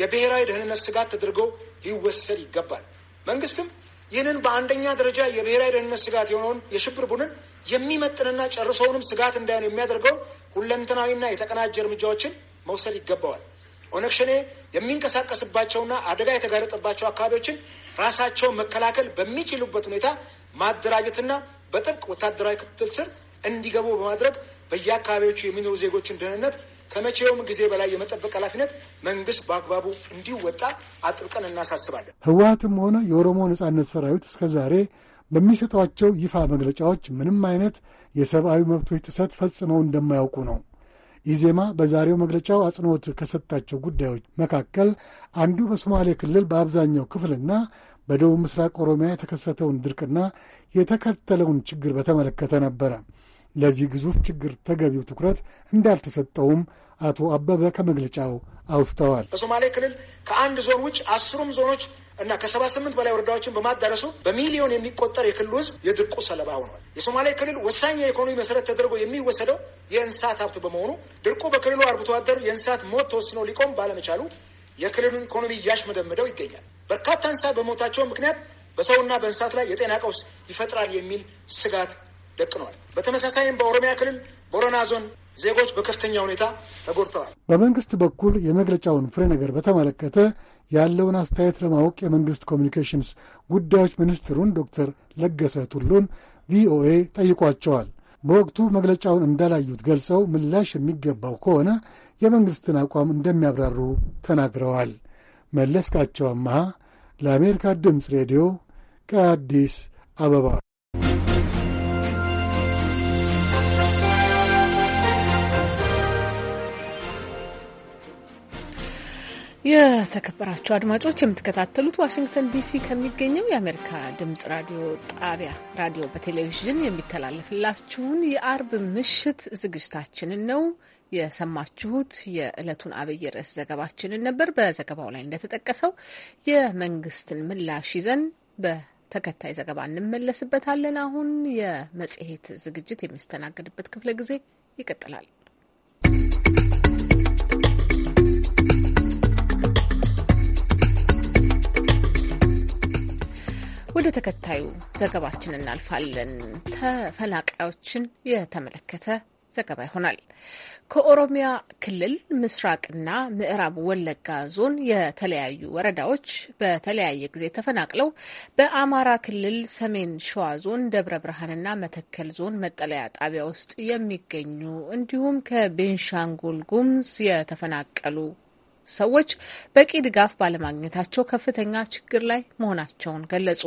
የብሔራዊ ደህንነት ስጋት ተደርጎ ሊወሰድ ይገባል። መንግስትም ይህንን በአንደኛ ደረጃ የብሔራዊ ደህንነት ስጋት የሆነውን የሽብር ቡድን የሚመጥንና ጨርሰውንም ስጋት እንዳይሆን የሚያደርገውን ሁለንተናዊና የተቀናጀ እርምጃዎችን መውሰድ ይገባዋል። ኦነግ ሸኔ የሚንቀሳቀስባቸውና አደጋ የተጋረጠባቸው አካባቢዎችን ራሳቸውን መከላከል በሚችሉበት ሁኔታ ማደራጀትና በጥብቅ ወታደራዊ ክትትል ስር እንዲገቡ በማድረግ በየአካባቢዎቹ የሚኖሩ ዜጎችን ደህንነት ከመቼውም ጊዜ በላይ የመጠበቅ ኃላፊነት መንግስት በአግባቡ እንዲወጣ አጥብቀን እናሳስባለን። ህወሀትም ሆነ የኦሮሞ ነጻነት ሰራዊት እስከ ዛሬ በሚሰጧቸው ይፋ መግለጫዎች ምንም አይነት የሰብአዊ መብቶች ጥሰት ፈጽመው እንደማያውቁ ነው። ኢዜማ በዛሬው መግለጫው አጽንኦት ከሰጣቸው ጉዳዮች መካከል አንዱ በሶማሌ ክልል በአብዛኛው ክፍልና በደቡብ ምስራቅ ኦሮሚያ የተከሰተውን ድርቅና የተከተለውን ችግር በተመለከተ ነበረ። ለዚህ ግዙፍ ችግር ተገቢው ትኩረት እንዳልተሰጠውም አቶ አበበ ከመግለጫው አውስተዋል። በሶማሌ ክልል ከአንድ ዞን ውጭ አስሩም ዞኖች እና ከሰባ ስምንት በላይ ወረዳዎችን በማዳረሱ በሚሊዮን የሚቆጠር የክልሉ ህዝብ የድርቁ ሰለባ ሆኗል። የሶማሌ ክልል ወሳኝ የኢኮኖሚ መሰረት ተደርጎ የሚወሰደው የእንስሳት ሀብት በመሆኑ ድርቁ በክልሉ አርብቶ አደር የእንስሳት ሞት ተወስኖ ሊቆም ባለመቻሉ የክልሉን ኢኮኖሚ እያሽመደመደው ይገኛል። በርካታ እንስሳት በሞታቸው ምክንያት በሰውና በእንስሳት ላይ የጤና ቀውስ ይፈጥራል የሚል ስጋት ደቅነዋል። በተመሳሳይም በኦሮሚያ ክልል ቦረና ዞን ዜጎች በከፍተኛ ሁኔታ ተጎድተዋል። በመንግስት በኩል የመግለጫውን ፍሬ ነገር በተመለከተ ያለውን አስተያየት ለማወቅ የመንግስት ኮሚኒኬሽንስ ጉዳዮች ሚኒስትሩን ዶክተር ለገሰ ቱሉን ቪኦኤ ጠይቋቸዋል። በወቅቱ መግለጫውን እንዳላዩት ገልጸው ምላሽ የሚገባው ከሆነ የመንግስትን አቋም እንደሚያብራሩ ተናግረዋል። መለስካቸው አመሃ ለአሜሪካ ድምፅ ሬዲዮ ከአዲስ አበባ የተከበራቸው አድማጮች የምትከታተሉት ዋሽንግተን ዲሲ ከሚገኘው የአሜሪካ ድምጽ ራዲዮ ጣቢያ ራዲዮ በቴሌቪዥን የሚተላለፍላችሁን የአርብ ምሽት ዝግጅታችንን ነው የሰማችሁት። የዕለቱን አብይ ርዕስ ዘገባችንን ነበር። በዘገባው ላይ እንደተጠቀሰው የመንግስትን ምላሽ ይዘን በተከታይ ዘገባ እንመለስበታለን። አሁን የመጽሔት ዝግጅት የሚስተናገድበት ክፍለ ጊዜ ይቀጥላል። ወደ ተከታዩ ዘገባችን እናልፋለን። ተፈናቃዮችን የተመለከተ ዘገባ ይሆናል። ከኦሮሚያ ክልል ምስራቅና ምዕራብ ወለጋ ዞን የተለያዩ ወረዳዎች በተለያየ ጊዜ ተፈናቅለው በአማራ ክልል ሰሜን ሸዋ ዞን ደብረ ብርሃንና መተከል ዞን መጠለያ ጣቢያ ውስጥ የሚገኙ እንዲሁም ከቤንሻንጉል ጉምዝ የተፈናቀሉ ሰዎች በቂ ድጋፍ ባለማግኘታቸው ከፍተኛ ችግር ላይ መሆናቸውን ገለጹ።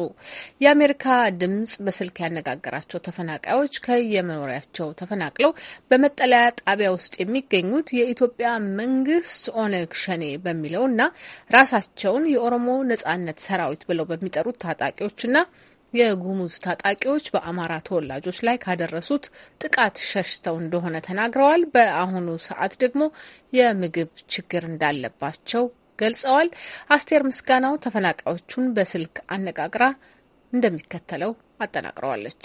የአሜሪካ ድምጽ በስልክ ያነጋገራቸው ተፈናቃዮች ከየመኖሪያቸው ተፈናቅለው በመጠለያ ጣቢያ ውስጥ የሚገኙት የኢትዮጵያ መንግስት ኦነግ ሸኔ በሚለውና ራሳቸውን የኦሮሞ ነጻነት ሰራዊት ብለው በሚጠሩት ታጣቂዎችና የጉሙዝ ታጣቂዎች በአማራ ተወላጆች ላይ ካደረሱት ጥቃት ሸሽተው እንደሆነ ተናግረዋል። በአሁኑ ሰዓት ደግሞ የምግብ ችግር እንዳለባቸው ገልጸዋል። አስቴር ምስጋናው ተፈናቃዮቹን በስልክ አነጋግራ እንደሚከተለው አጠናቅረዋለች።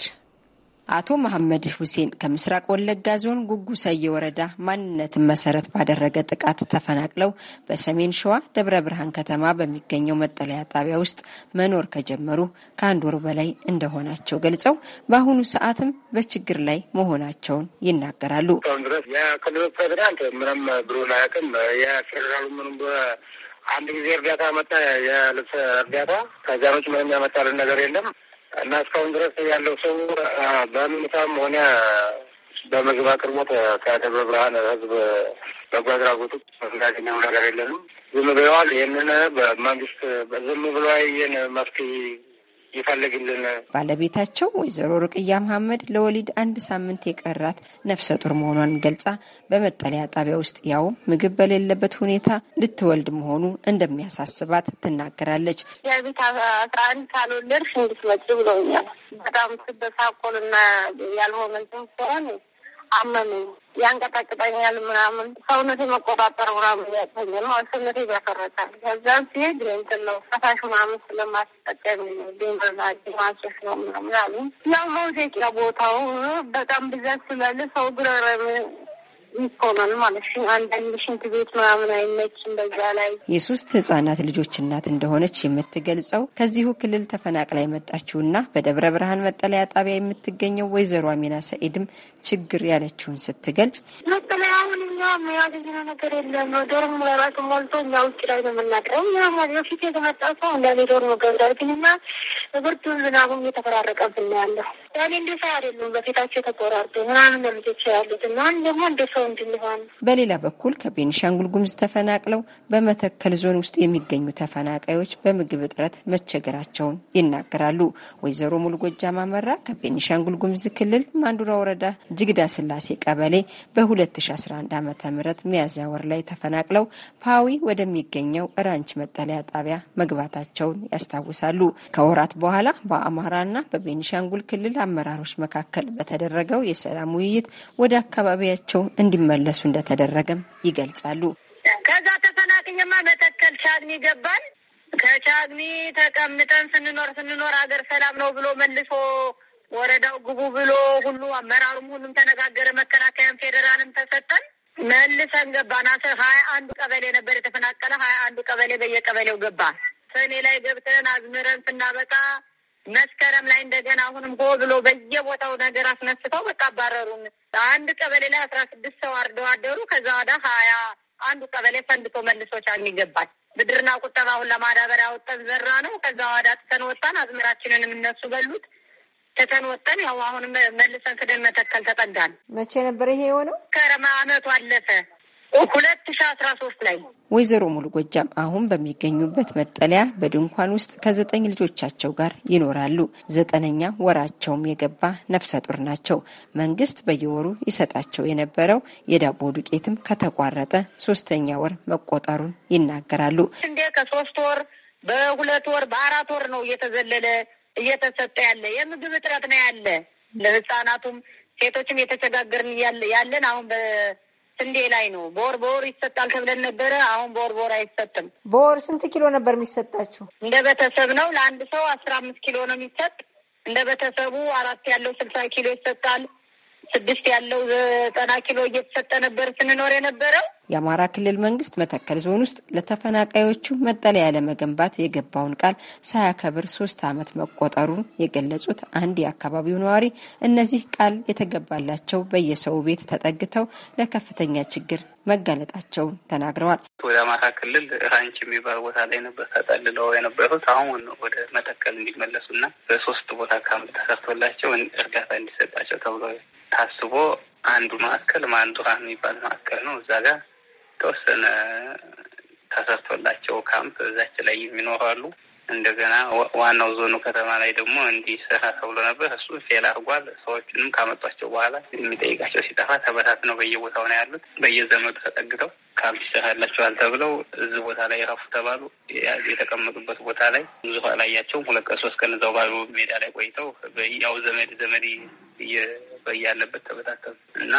አቶ መሐመድ ሁሴን ከምስራቅ ወለጋ ዞን ጉጉሰየ ወረዳ ማንነትን መሰረት ባደረገ ጥቃት ተፈናቅለው በሰሜን ሸዋ ደብረ ብርሃን ከተማ በሚገኘው መጠለያ ጣቢያ ውስጥ መኖር ከጀመሩ ከአንድ ወር በላይ እንደሆናቸው ገልጸው በአሁኑ ሰዓትም በችግር ላይ መሆናቸውን ይናገራሉ። እስካሁን ድረስ የክልሉ ፕሬዚዳንት ምንም ብሎን አያውቅም። የፌዴራሉ ምንም አንድ ጊዜ እርዳታ መጣ፣ የልብስ እርዳታ ከዚያ ውጭ ምንም ያመጣልን ነገር የለም። እና እስካሁን ድረስ ያለው ሰው በምሳም ሆነ በምግብ አቅርቦት ከደብረ ብርሃን ህዝብ በጎ አድራጎቱ ያገኘው ነገር የለንም። ዝም ብለዋል። ይህንን በመንግስት ዝም ብሎ ይህን መፍትሄ ይፈልግልን። ባለቤታቸው ወይዘሮ ሩቅያ መሐመድ ለወሊድ አንድ ሳምንት የቀራት ነፍሰ ጡር መሆኗን ገልጻ በመጠለያ ጣቢያ ውስጥ ያው ምግብ በሌለበት ሁኔታ ልትወልድ መሆኑ እንደሚያሳስባት ትናገራለች። የቤት አስራ አንድ ካልወለድሽ እንድትመጪ ብሎኛል። በጣም ስበሳቆልና ያልሆነ ሲሆን አመመኝ ያንቀጣቅጣኛል ምናምን ሰውነት መቆጣጠር ምናምን ያጠኛል ማለት ሰውነት ያፈረታል። ከዛም ሲሄድ እንትን ነው ፈሳሽ ምናምን ነው ምናምን አሉ። ያው ቦታው በጣም ብዛት ስላለ ሰው ግረረም ማለት አንዳንድ ሽንት ቤት ምናምን አይመችም። በዛ ላይ የሶስት ህጻናት ልጆች እናት እንደሆነች የምትገልጸው ከዚሁ ክልል ተፈናቅላ የመጣችውና በደብረ ብርሃን መጠለያ ጣቢያ የምትገኘው ወይዘሮ አሚና ሰኢድም ችግር ያለችውን ስትገልጽ በተለይ አሁን እኛ የሚያገኘ ነገር የለም። ዶርም ለራሱ ሞልቶ እኛ ውጭ ላይ ነው የምናድረው። በፊት የተመጣ ሰው እንዳኔ ዶርም ገብዳል። ግንና እብርቱ ዝናቡም እየተፈራረቀብን ያለው ያኔ እንደ ሰው አይደሉም። በፊታቸው ተቆራርጡ ምናምን ልጆች ያሉት እና ደግሞ እንደ ሰው እንድንሆን። በሌላ በኩል ከቤኒሻንጉል ጉምዝ ተፈናቅለው በመተከል ዞን ውስጥ የሚገኙ ተፈናቃዮች በምግብ እጥረት መቸገራቸውን ይናገራሉ። ወይዘሮ ሙልጎጃ ማመራ ከቤኒሻንጉል ጉምዝ ክልል ማንዱራ ወረዳ ጅግዳ ስላሴ ቀበሌ በ2011 ዓ ም ሚያዝያ ወር ላይ ተፈናቅለው ፓዊ ወደሚገኘው ራንች መጠለያ ጣቢያ መግባታቸውን ያስታውሳሉ። ከወራት በኋላ በአማራና በቤኒሻንጉል ክልል አመራሮች መካከል በተደረገው የሰላም ውይይት ወደ አካባቢያቸው እንዲመለሱ እንደተደረገም ይገልጻሉ። ከዛ ተፈናቅኝማ መተከል ቻግኒ ገባን። ከቻግኒ ተቀምጠን ስንኖር ስንኖር ሀገር ሰላም ነው ብሎ መልሶ ወረዳው ግቡ ብሎ ሁሉ አመራሩም ሁሉም ተነጋገረ። መከላከያም ፌዴራልም ተሰጠን። መልሰን ገባን። አስር ሀያ አንዱ ቀበሌ ነበር የተፈናቀለ። ሀያ አንዱ ቀበሌ በየቀበሌው ገባ። ሰኔ ላይ ገብተን አዝምረን ስናበቃ መስከረም ላይ እንደገና አሁንም ሆ ብሎ በየቦታው ነገር አስነስተው በቃ አባረሩን። አንድ ቀበሌ ላይ አስራ ስድስት ሰው አርደው አደሩ። ከዛ ወደ ሀያ አንዱ ቀበሌ ፈንድቶ መልሶች ይገባል። ብድርና ቁጠባ አሁን ለማዳበሪያ አውጥተን ዘራ ነው። ከዛ ወደ አጥተን ወጣን። አዝምራችንንም እነሱ በሉት። ትተን ወጠን ያው አሁን መልሰን ስደን መተከል ተጠንዳል። መቼ ነበር ይሄ የሆነው? ከረማ አመቱ አለፈ ሁለት ሺ አስራ ሶስት ላይ ወይዘሮ ሙሉ ጎጃም አሁን በሚገኙበት መጠለያ በድንኳን ውስጥ ከዘጠኝ ልጆቻቸው ጋር ይኖራሉ። ዘጠነኛ ወራቸውም የገባ ነፍሰ ጡር ናቸው። መንግስት በየወሩ ይሰጣቸው የነበረው የዳቦ ዱቄትም ከተቋረጠ ሶስተኛ ወር መቆጠሩን ይናገራሉ። እንዴ ከሶስት ወር በሁለት ወር በአራት ወር ነው እየተዘለለ እየተሰጠ ያለ የምግብ እጥረት ነው ያለ። ለህፃናቱም ሴቶችም እየተቸጋገርን ያለን አሁን በስንዴ ላይ ነው። በወር በወር ይሰጣል ተብለን ነበረ። አሁን በወር በወር አይሰጥም። በወር ስንት ኪሎ ነበር የሚሰጣችሁ? እንደ ቤተሰብ ነው። ለአንድ ሰው አስራ አምስት ኪሎ ነው የሚሰጥ። እንደ ቤተሰቡ አራት ያለው ስልሳ ኪሎ ይሰጣል። ስድስት ያለው ዘጠና ኪሎ እየተሰጠ ነበር ስንኖር የነበረው። የአማራ ክልል መንግስት መተከል ዞን ውስጥ ለተፈናቃዮቹ መጠለያ ለመገንባት የገባውን ቃል ሳያከብር ሶስት ዓመት መቆጠሩን የገለጹት አንድ የአካባቢው ነዋሪ እነዚህ ቃል የተገባላቸው በየሰው ቤት ተጠግተው ለከፍተኛ ችግር መጋለጣቸውን ተናግረዋል። ወደ አማራ ክልል ራንች የሚባል ቦታ ላይ ነበር ተጠልለው የነበሩት። አሁን ወደ መተከል እንዲመለሱና በሶስት ቦታ ካምፕ ተሰርቶላቸው እርዳታ እንዲሰጣቸው ተብሏል። ታስቦ አንዱ ማዕከል ማንዱራ የሚባል ማዕከል ነው። እዛ ጋር ተወሰነ ተሰርቶላቸው ካምፕ እዛች ላይ የሚኖራሉ። እንደገና ዋናው ዞኑ ከተማ ላይ ደግሞ እንዲሰራ ተብሎ ነበር። እሱ ፌል አድርጓል። ሰዎቹንም ካመጧቸው በኋላ የሚጠይቃቸው ሲጠፋ ተበታት ነው በየቦታው ነው ያሉት። በየዘመዱ ተጠግተው ካምፕ ይሰራላቸዋል ተብለው እዚህ ቦታ ላይ ረፉ ተባሉ። የተቀመጡበት ቦታ ላይ ብዙ አላያቸውም። ሁለት ቀን ሶስት ቀን እዛው ባሉ ሜዳ ላይ ቆይተው ያው ዘመድ ዘመድ በያለበት ተበታተኑ እና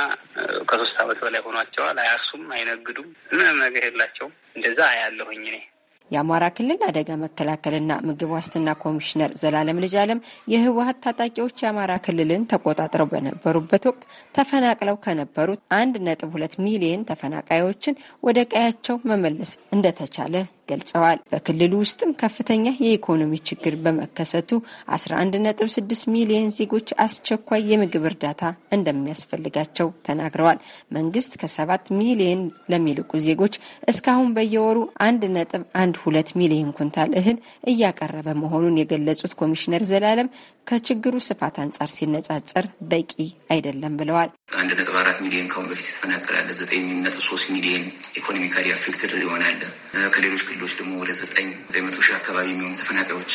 ከሶስት አመት በላይ ሆኗቸዋል። አያርሱም፣ አይነግዱም፣ ምንም ነገር የላቸውም። እንደዛ አያለሁኝ እኔ የአማራ ክልል አደጋ መከላከልና ምግብ ዋስትና ኮሚሽነር ዘላለም ልጅ አለም የህወሀት ታጣቂዎች የአማራ ክልልን ተቆጣጥረው በነበሩበት ወቅት ተፈናቅለው ከነበሩት አንድ ነጥብ ሁለት ሚሊየን ተፈናቃዮችን ወደ ቀያቸው መመለስ እንደተቻለ ገልጸዋል። በክልሉ ውስጥም ከፍተኛ የኢኮኖሚ ችግር በመከሰቱ 11.6 ሚሊዮን ዜጎች አስቸኳይ የምግብ እርዳታ እንደሚያስፈልጋቸው ተናግረዋል። መንግስት ከ7 ሚሊዮን ለሚልቁ ዜጎች እስካሁን በየወሩ 1.12 ሚሊዮን ኩንታል እህል እያቀረበ መሆኑን የገለጹት ኮሚሽነር ዘላለም ከችግሩ ስፋት አንጻር ሲነጻጸር በቂ አይደለም ብለዋል። አራት ሚሊዮን ከአሁን በፊት ነጥብ 9.3 ሚሊዮን ኢኮኖሚካሊ አፌክትድ ይሆናል ከሌሎች ክልሎች ደግሞ ወደ ዘጠኝ ዘጠኝ መቶ ሺህ አካባቢ የሚሆኑ ተፈናቃዮች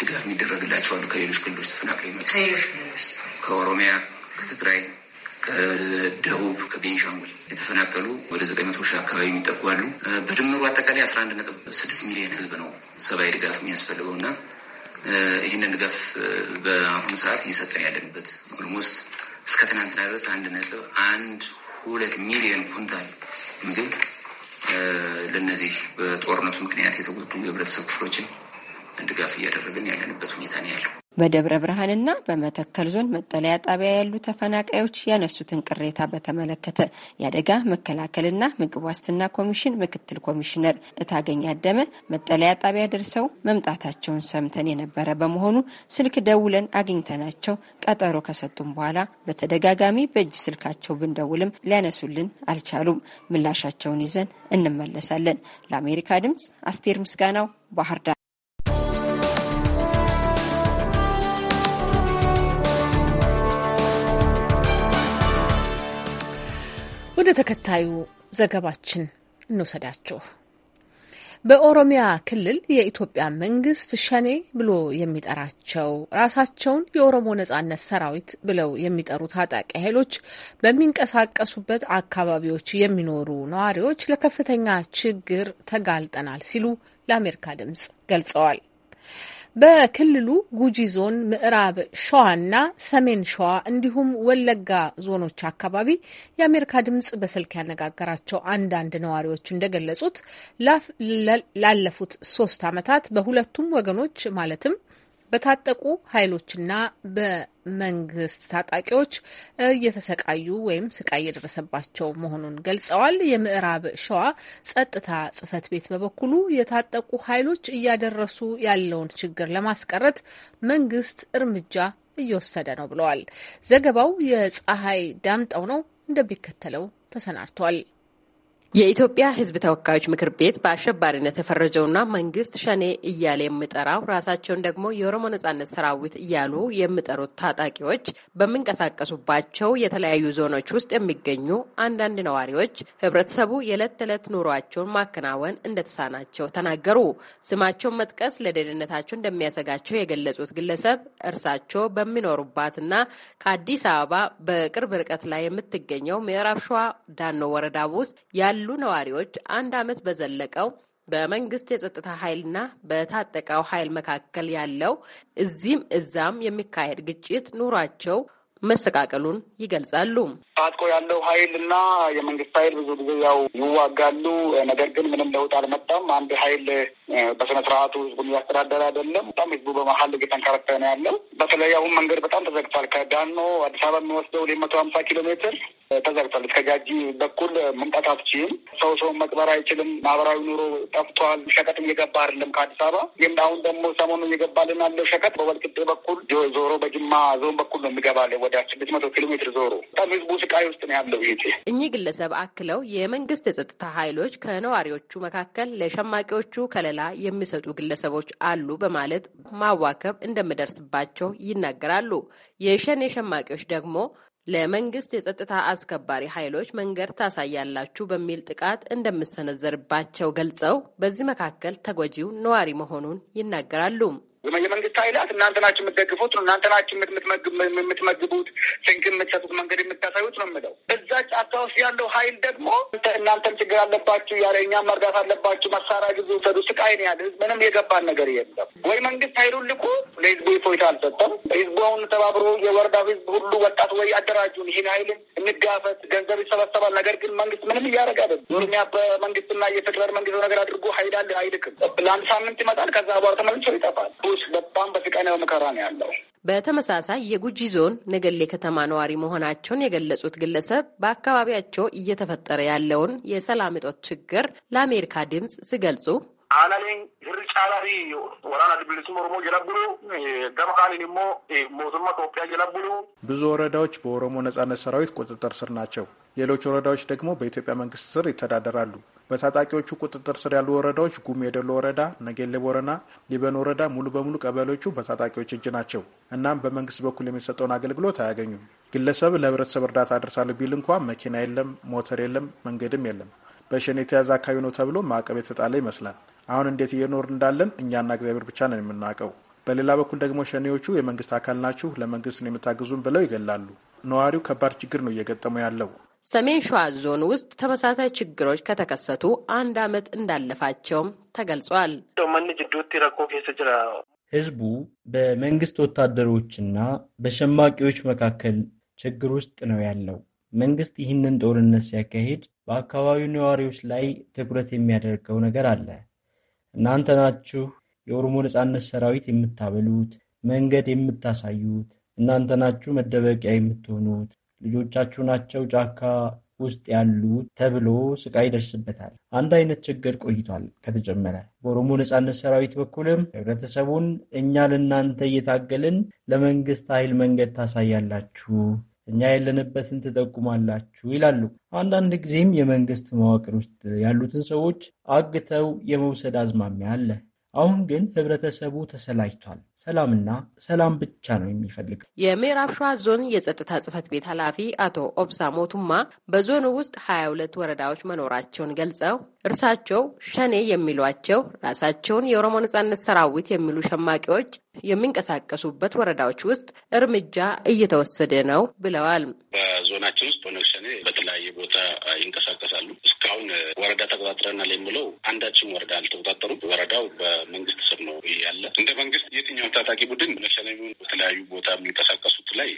ድጋፍ የሚደረግላቸው አሉ። ከሌሎች ክልሎች ተፈናቅለው ይመጡ ከኦሮሚያ፣ ከትግራይ፣ ከደቡብ፣ ከቤንሻንጉል የተፈናቀሉ ወደ ዘጠኝ መቶ ሺህ አካባቢ የሚጠጉ አሉ። በድምሩ አጠቃላይ አስራ አንድ ነጥብ ስድስት ሚሊዮን ህዝብ ነው ሰብአዊ ድጋፍ የሚያስፈልገው እና ይህንን ድጋፍ በአሁኑ ሰዓት እየሰጠን ያለንበት ኦልሞስት እስከ ትናንትና ድረስ አንድ ነጥብ አንድ ሁለት ሚሊዮን ኩንታል ምግብ ለነዚህ በጦርነቱ ምክንያት የተጎዱ የህብረተሰብ ክፍሎችን ድጋፍ እያደረግን ያለንበት ሁኔታ ነው ያለው። በደብረ ብርሃንና በመተከል ዞን መጠለያ ጣቢያ ያሉ ተፈናቃዮች ያነሱትን ቅሬታ በተመለከተ የአደጋ መከላከልና ምግብ ዋስትና ኮሚሽን ምክትል ኮሚሽነር እታገኝ ያደመ መጠለያ ጣቢያ ደርሰው መምጣታቸውን ሰምተን የነበረ በመሆኑ ስልክ ደውለን አግኝተናቸው ቀጠሮ ከሰጡን በኋላ በተደጋጋሚ በእጅ ስልካቸው ብንደውልም ሊያነሱልን አልቻሉም። ምላሻቸውን ይዘን እንመለሳለን። ለአሜሪካ ድምጽ አስቴር ምስጋናው ባህር ዳር ወደ ተከታዩ ዘገባችን እንውሰዳችሁ። በኦሮሚያ ክልል የኢትዮጵያ መንግስት ሸኔ ብሎ የሚጠራቸው ራሳቸውን የኦሮሞ ነጻነት ሰራዊት ብለው የሚጠሩ ታጣቂ ኃይሎች በሚንቀሳቀሱበት አካባቢዎች የሚኖሩ ነዋሪዎች ለከፍተኛ ችግር ተጋልጠናል ሲሉ ለአሜሪካ ድምጽ ገልጸዋል። በክልሉ ጉጂ ዞን ምዕራብ ሸዋና ሰሜን ሸዋ እንዲሁም ወለጋ ዞኖች አካባቢ የአሜሪካ ድምጽ በስልክ ያነጋገራቸው አንዳንድ ነዋሪዎች እንደገለጹት ላለፉት ሶስት ዓመታት በሁለቱም ወገኖች ማለትም በታጠቁ ኃይሎችና መንግስት ታጣቂዎች እየተሰቃዩ ወይም ስቃይ እየደረሰባቸው መሆኑን ገልጸዋል። የምዕራብ ሸዋ ጸጥታ ጽሕፈት ቤት በበኩሉ የታጠቁ ኃይሎች እያደረሱ ያለውን ችግር ለማስቀረት መንግስት እርምጃ እየወሰደ ነው ብለዋል። ዘገባው የፀሐይ ዳምጠው ነው፣ እንደሚከተለው ተሰናድቷል። የኢትዮጵያ ሕዝብ ተወካዮች ምክር ቤት በአሸባሪነት የፈረጀውና መንግስት ሸኔ እያለ የሚጠራው ራሳቸውን ደግሞ የኦሮሞ ነጻነት ሰራዊት እያሉ የሚጠሩት ታጣቂዎች በሚንቀሳቀሱባቸው የተለያዩ ዞኖች ውስጥ የሚገኙ አንዳንድ ነዋሪዎች ህብረተሰቡ የዕለት ተዕለት ኑሯቸውን ማከናወን እንደተሳናቸው ተናገሩ። ስማቸውን መጥቀስ ለደህንነታቸው እንደሚያሰጋቸው የገለጹት ግለሰብ እርሳቸው በሚኖሩባትና ከአዲስ አበባ በቅርብ ርቀት ላይ የምትገኘው ምዕራብ ሸዋ ዳኖ ወረዳ ውስጥ ያለ ያሉ ነዋሪዎች አንድ ዓመት በዘለቀው በመንግስት የጸጥታ ኃይልና በታጠቀው ኃይል መካከል ያለው እዚህም እዛም የሚካሄድ ግጭት ኑሯቸው መሰቃቀሉን ይገልጻሉ። ታጥቆ ያለው ኃይል እና የመንግስት ኃይል ብዙ ጊዜ ያው ይዋጋሉ። ነገር ግን ምንም ለውጥ አልመጣም። አንድ ኃይል በስነ ስርዓቱ ህዝቡን እያስተዳደረ አይደለም። በጣም ህዝቡ በመሀል እየተንከረተነ ያለው በተለይ አሁን መንገድ በጣም ተዘግቷል። ከዳኖ አዲስ አበባ የሚወስደው ሁለት መቶ ሀምሳ ኪሎ ሜትር ተዘግቷል። ከጃጂ በኩል መምጣት አትችልም። ሰው ሰውን መቅበር አይችልም። ማህበራዊ ኑሮ ጠፍቷል። ሸቀጥ እየገባ አይደለም ከአዲስ አበባ። ግን አሁን ደግሞ ሰሞኑ እየገባልን ያለው ሸቀጥ በወልቅጤ በኩል ዞሮ በጅማ ዞን በኩል ነው የሚገባልን ወደ ስድስት መቶ ኪሎ ሜትር ዞሮ በጣም ህዝቡ ስቃይ ውስጥ ነው ያለው። ይ እኚህ ግለሰብ አክለው የመንግስት የጸጥታ ኃይሎች ከነዋሪዎቹ መካከል ለሸማቂዎቹ ከለላ የሚሰጡ ግለሰቦች አሉ በማለት ማዋከብ እንደምደርስባቸው ይናገራሉ። የሸኔ ሸማቂዎች ደግሞ ለመንግስት የጸጥታ አስከባሪ ኃይሎች መንገድ ታሳያላችሁ በሚል ጥቃት እንደምሰነዘርባቸው ገልጸው በዚህ መካከል ተጎጂው ነዋሪ መሆኑን ይናገራሉ። የመንግስት ኃይላት እናንተ ናችሁ የምትደግፉት ነው እናንተ ናችሁ የምትመግቡት፣ ስንክ የምትሰጡት፣ መንገድ የምታሳዩት ነው የምለው። እዛ ጫካ ውስጥ ያለው ኃይል ደግሞ እናንተም ችግር አለባችሁ ያለ እኛም መርዳት አለባችሁ፣ መሳሪያ ግዙ፣ ውሰዱ፣ ስቃይ ነው ያለ ህዝብ። ምንም የገባን ነገር የለም። ወይ መንግስት ኃይሉን ልኮ ለህዝቡ ይፎይታ አልሰጠም። ህዝቡ አሁን ተባብሮ የወረዳ ህዝብ ሁሉ ወጣት ወይ አደራጁን ይህን ኃይልን እንጋፈት፣ ገንዘብ ይሰበሰባል። ነገር ግን መንግስት ምንም እያደረገ አለ። ኦሮሚያ በመንግስትና የፌደራል መንግስት ነገር አድርጎ ኃይል አለ አይልክም። ለአንድ ሳምንት ይመጣል፣ ከዛ በኋላ ተመልሶ ይጠፋል። ውስጥ በጣም በስቃይና በመከራ ነው ያለው። በተመሳሳይ የጉጂ ዞን ነገሌ ከተማ ነዋሪ መሆናቸውን የገለጹት ግለሰብ በአካባቢያቸው እየተፈጠረ ያለውን የሰላም እጦት ችግር ለአሜሪካ ድምፅ ሲገልጹ ህር ጫላሪ ወራና ድብልሱ ኦሮሞ ጀለብሉ ገመቃኒን ሞ ሞቱማ ኢትዮጵያ ጀለብሉ ብዙ ወረዳዎች በኦሮሞ ነጻነት ሰራዊት ቁጥጥር ስር ናቸው። ሌሎች ወረዳዎች ደግሞ በኢትዮጵያ መንግስት ስር ይተዳደራሉ። በታጣቂዎቹ ቁጥጥር ስር ያሉ ወረዳዎች ጉም የደሎ ወረዳ፣ ነጌሌ ቦረና፣ ሊበን ወረዳ ሙሉ በሙሉ ቀበሌዎቹ በታጣቂዎች እጅ ናቸው። እናም በመንግስት በኩል የሚሰጠውን አገልግሎት አያገኙም። ግለሰብ ለህብረተሰብ እርዳታ አደርሳለሁ ቢል እንኳ መኪና የለም፣ ሞተር የለም፣ መንገድም የለም። በሸኔ የተያዘ አካባቢ ነው ተብሎ ማዕቀብ የተጣለ ይመስላል። አሁን እንዴት እየኖር እንዳለን እኛና እግዚአብሔር ብቻ ነን የምናውቀው። በሌላ በኩል ደግሞ ሸኔዎቹ የመንግስት አካል ናችሁ፣ ለመንግስት ነው የምታግዙን ብለው ይገላሉ። ነዋሪው ከባድ ችግር ነው እየገጠመው ያለው። ሰሜን ሸዋ ዞን ውስጥ ተመሳሳይ ችግሮች ከተከሰቱ አንድ ዓመት እንዳለፋቸውም ተገልጿል። ህዝቡ በመንግስት ወታደሮችና በሸማቂዎች መካከል ችግር ውስጥ ነው ያለው። መንግስት ይህንን ጦርነት ሲያካሂድ በአካባቢው ነዋሪዎች ላይ ትኩረት የሚያደርገው ነገር አለ። እናንተ ናችሁ የኦሮሞ ነጻነት ሰራዊት የምታበሉት፣ መንገድ የምታሳዩት፣ እናንተ ናችሁ መደበቂያ የምትሆኑት፣ ልጆቻችሁ ናቸው ጫካ ውስጥ ያሉት ተብሎ ስቃይ ይደርስበታል። አንድ አይነት ችግር ቆይቷል ከተጀመረ። በኦሮሞ ነጻነት ሰራዊት በኩልም ህብረተሰቡን እኛ ለእናንተ እየታገልን ለመንግስት ኃይል መንገድ ታሳያላችሁ፣ እኛ ያለንበትን ትጠቁማላችሁ ይላሉ። አንዳንድ ጊዜም የመንግስት መዋቅር ውስጥ ያሉትን ሰዎች አግተው የመውሰድ አዝማሚያ አለ። አሁን ግን ህብረተሰቡ ተሰላጅቷል። ሰላምና ሰላም ብቻ ነው የሚፈልገው። የምዕራብ ሸዋ ዞን የጸጥታ ጽህፈት ቤት ኃላፊ አቶ ኦብሳ ሞቱማ በዞኑ ውስጥ ሀያ ሁለት ወረዳዎች መኖራቸውን ገልጸው እርሳቸው ሸኔ የሚሏቸው ራሳቸውን የኦሮሞ ነጻነት ሰራዊት የሚሉ ሸማቂዎች የሚንቀሳቀሱበት ወረዳዎች ውስጥ እርምጃ እየተወሰደ ነው ብለዋል። በዞናችን ውስጥ ኦነግ ሸኔ በተለያየ ቦታ ይንቀሳቀሳሉ። እስካሁን ወረዳ ተቆጣጥረናል የሚለው አንዳችም ወረዳ አልተቆጣጠሩም። ወረዳው በመንግስት ስር ነው ያለ። እንደ መንግስት የትኛውም ታጣቂ ቡድን ኦነግ ሸኔ በተለያዩ ቦታ የሚንቀሳቀሱት ላይ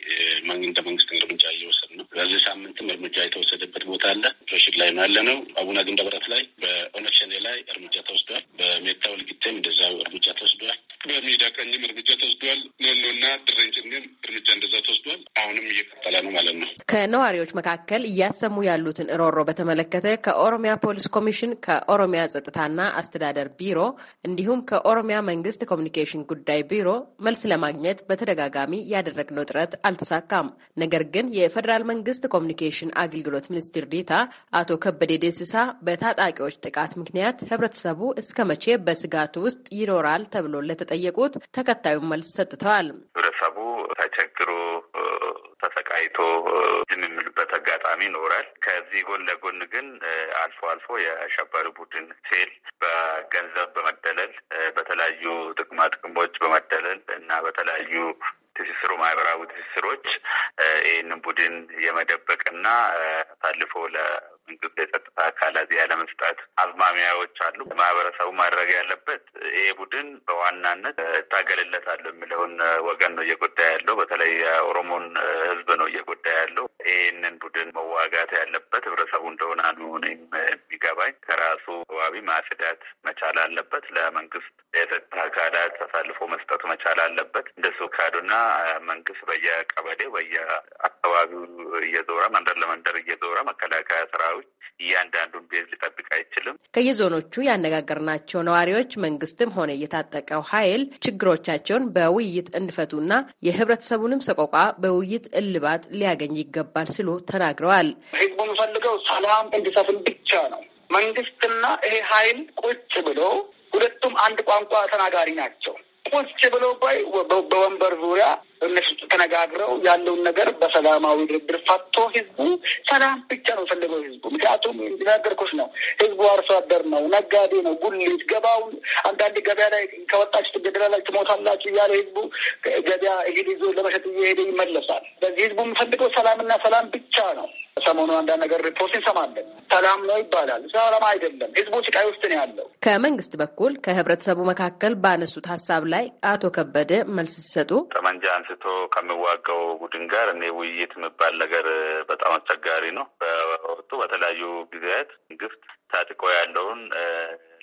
እንደ መንግስት እርምጃ እየወሰድ ነው። በዚህ ሳምንትም እርምጃ የተወሰደበት ቦታ አለ። ፕሬሽን ላይ ነው ያለ ነው። አቡነ ግንደበረት ላይ በኦነግ ሸኔ ላይ እርምጃ ተወስዷል። በሜታ ወልቂጤም እንደዛው እርምጃ ተወስዷል። በሚዳ ቀኝም እርምጃ ተወስዷል። ኖኖና ድሬንጭንም እርምጃ እንደዛ ተወስዷል። አሁንም እየቀጠለ ነው ማለት ነው። ከነዋሪዎች መካከል እያሰሙ ያሉትን ሮሮ በተመለከተ ከኦሮሚያ ፖሊስ ኮሚሽን፣ ከኦሮሚያ ጸጥታና አስተዳደር ቢሮ እንዲሁም ከኦሮሚያ መንግስት ኮሚኒኬሽን ጉዳይ ቢሮ መልስ ለማግኘት በተደጋጋሚ ያደረግነው ጥረት አልተሳካም። ነገር ግን የፌዴራል መንግስት ኮሚኒኬሽን አገልግሎት ሚኒስትር ዴታ አቶ ከበዴ ደስሳ በታጣቂዎች ጥቃት ምክንያት ህብረተሰቡ እስከ መቼ በስጋቱ ውስጥ ይኖራል ተብሎ ለተጠየቁት ተከ ቀጣዩ መልስ ሰጥተዋል። ህብረተሰቡ ተቸግሮ ተሰቃይቶ የሚምልበት አጋጣሚ ይኖራል። ከዚህ ጎን ለጎን ግን አልፎ አልፎ የአሸባሪ ቡድን ሴል በገንዘብ በመደለል በተለያዩ ጥቅማ ጥቅሞች በመደለል እና በተለያዩ ትስስሩ ማህበራዊ ትስስሮች ይህንን ቡድን የመደበቅና ታልፎ እንግዲህ የጸጥታ አካላት ያለመስጣት አዝማሚያዎች አሉ። ማህበረሰቡ ማድረግ ያለበት ይሄ ቡድን በዋናነት እታገልለታለሁ የሚለውን ወገን ነው እየጎዳ ያለው። በተለይ የኦሮሞን ከየዞኖቹ ያነጋገርናቸው ነዋሪዎች መንግስትም ሆነ የታጠቀው ኃይል ችግሮቻቸውን በውይይት እንዲፈቱና የህብረተሰቡንም ሰቆቋ በውይይት እልባት ሊያገኝ ይገባል ሲሉ ተናግረዋል። ህዝቡ የሚፈልገው ሰላም እንዲሰፍን ብቻ ነው። መንግስትና ይሄ ኃይል ቁጭ ብሎ ሁለቱም አንድ ቋንቋ ተናጋሪ ናቸው። ቁጭ ብሎ ቆይ በወንበር ዙሪያ እነሱ ተነጋግረው ያለውን ነገር በሰላማዊ ድርድር ፈቶ ህዝቡ ሰላም ብቻ ነው ፈልገው ህዝቡ ምክንያቱም ነገርኩሽ ነው ህዝቡ አርሶ አደር ነው፣ ነጋዴ ነው፣ ጉሊት ገባው። አንዳንድ ገበያ ላይ ከወጣችሁ ትገደላላችሁ፣ ትሞታላችሁ እያለ ህዝቡ ገበያ እህል ይዞ ለመሸጥ እየሄደ ይመለሳል። በዚህ ህዝቡ የሚፈልገው ሰላምና ሰላም ብቻ ነው። ሰሞኑ አንዳንድ ነገር ሪፖርት እንሰማለን። ሰላም ነው ይባላል፣ ሰላም አይደለም። ህዝቡ ስቃይ ውስጥ ነው ያለው። ከመንግስት በኩል ከህብረተሰቡ መካከል ባነሱት ሀሳብ ላይ አቶ ከበደ መልስ ሲሰጡ ጠመንጃ አንስቶ ከሚዋጋው ቡድን ጋር እኔ ውይይት የሚባል ነገር በጣም አስቸጋሪ ነው። በወቅቱ በተለያዩ ጊዜያት ግፍት ታጥቆ ያለውን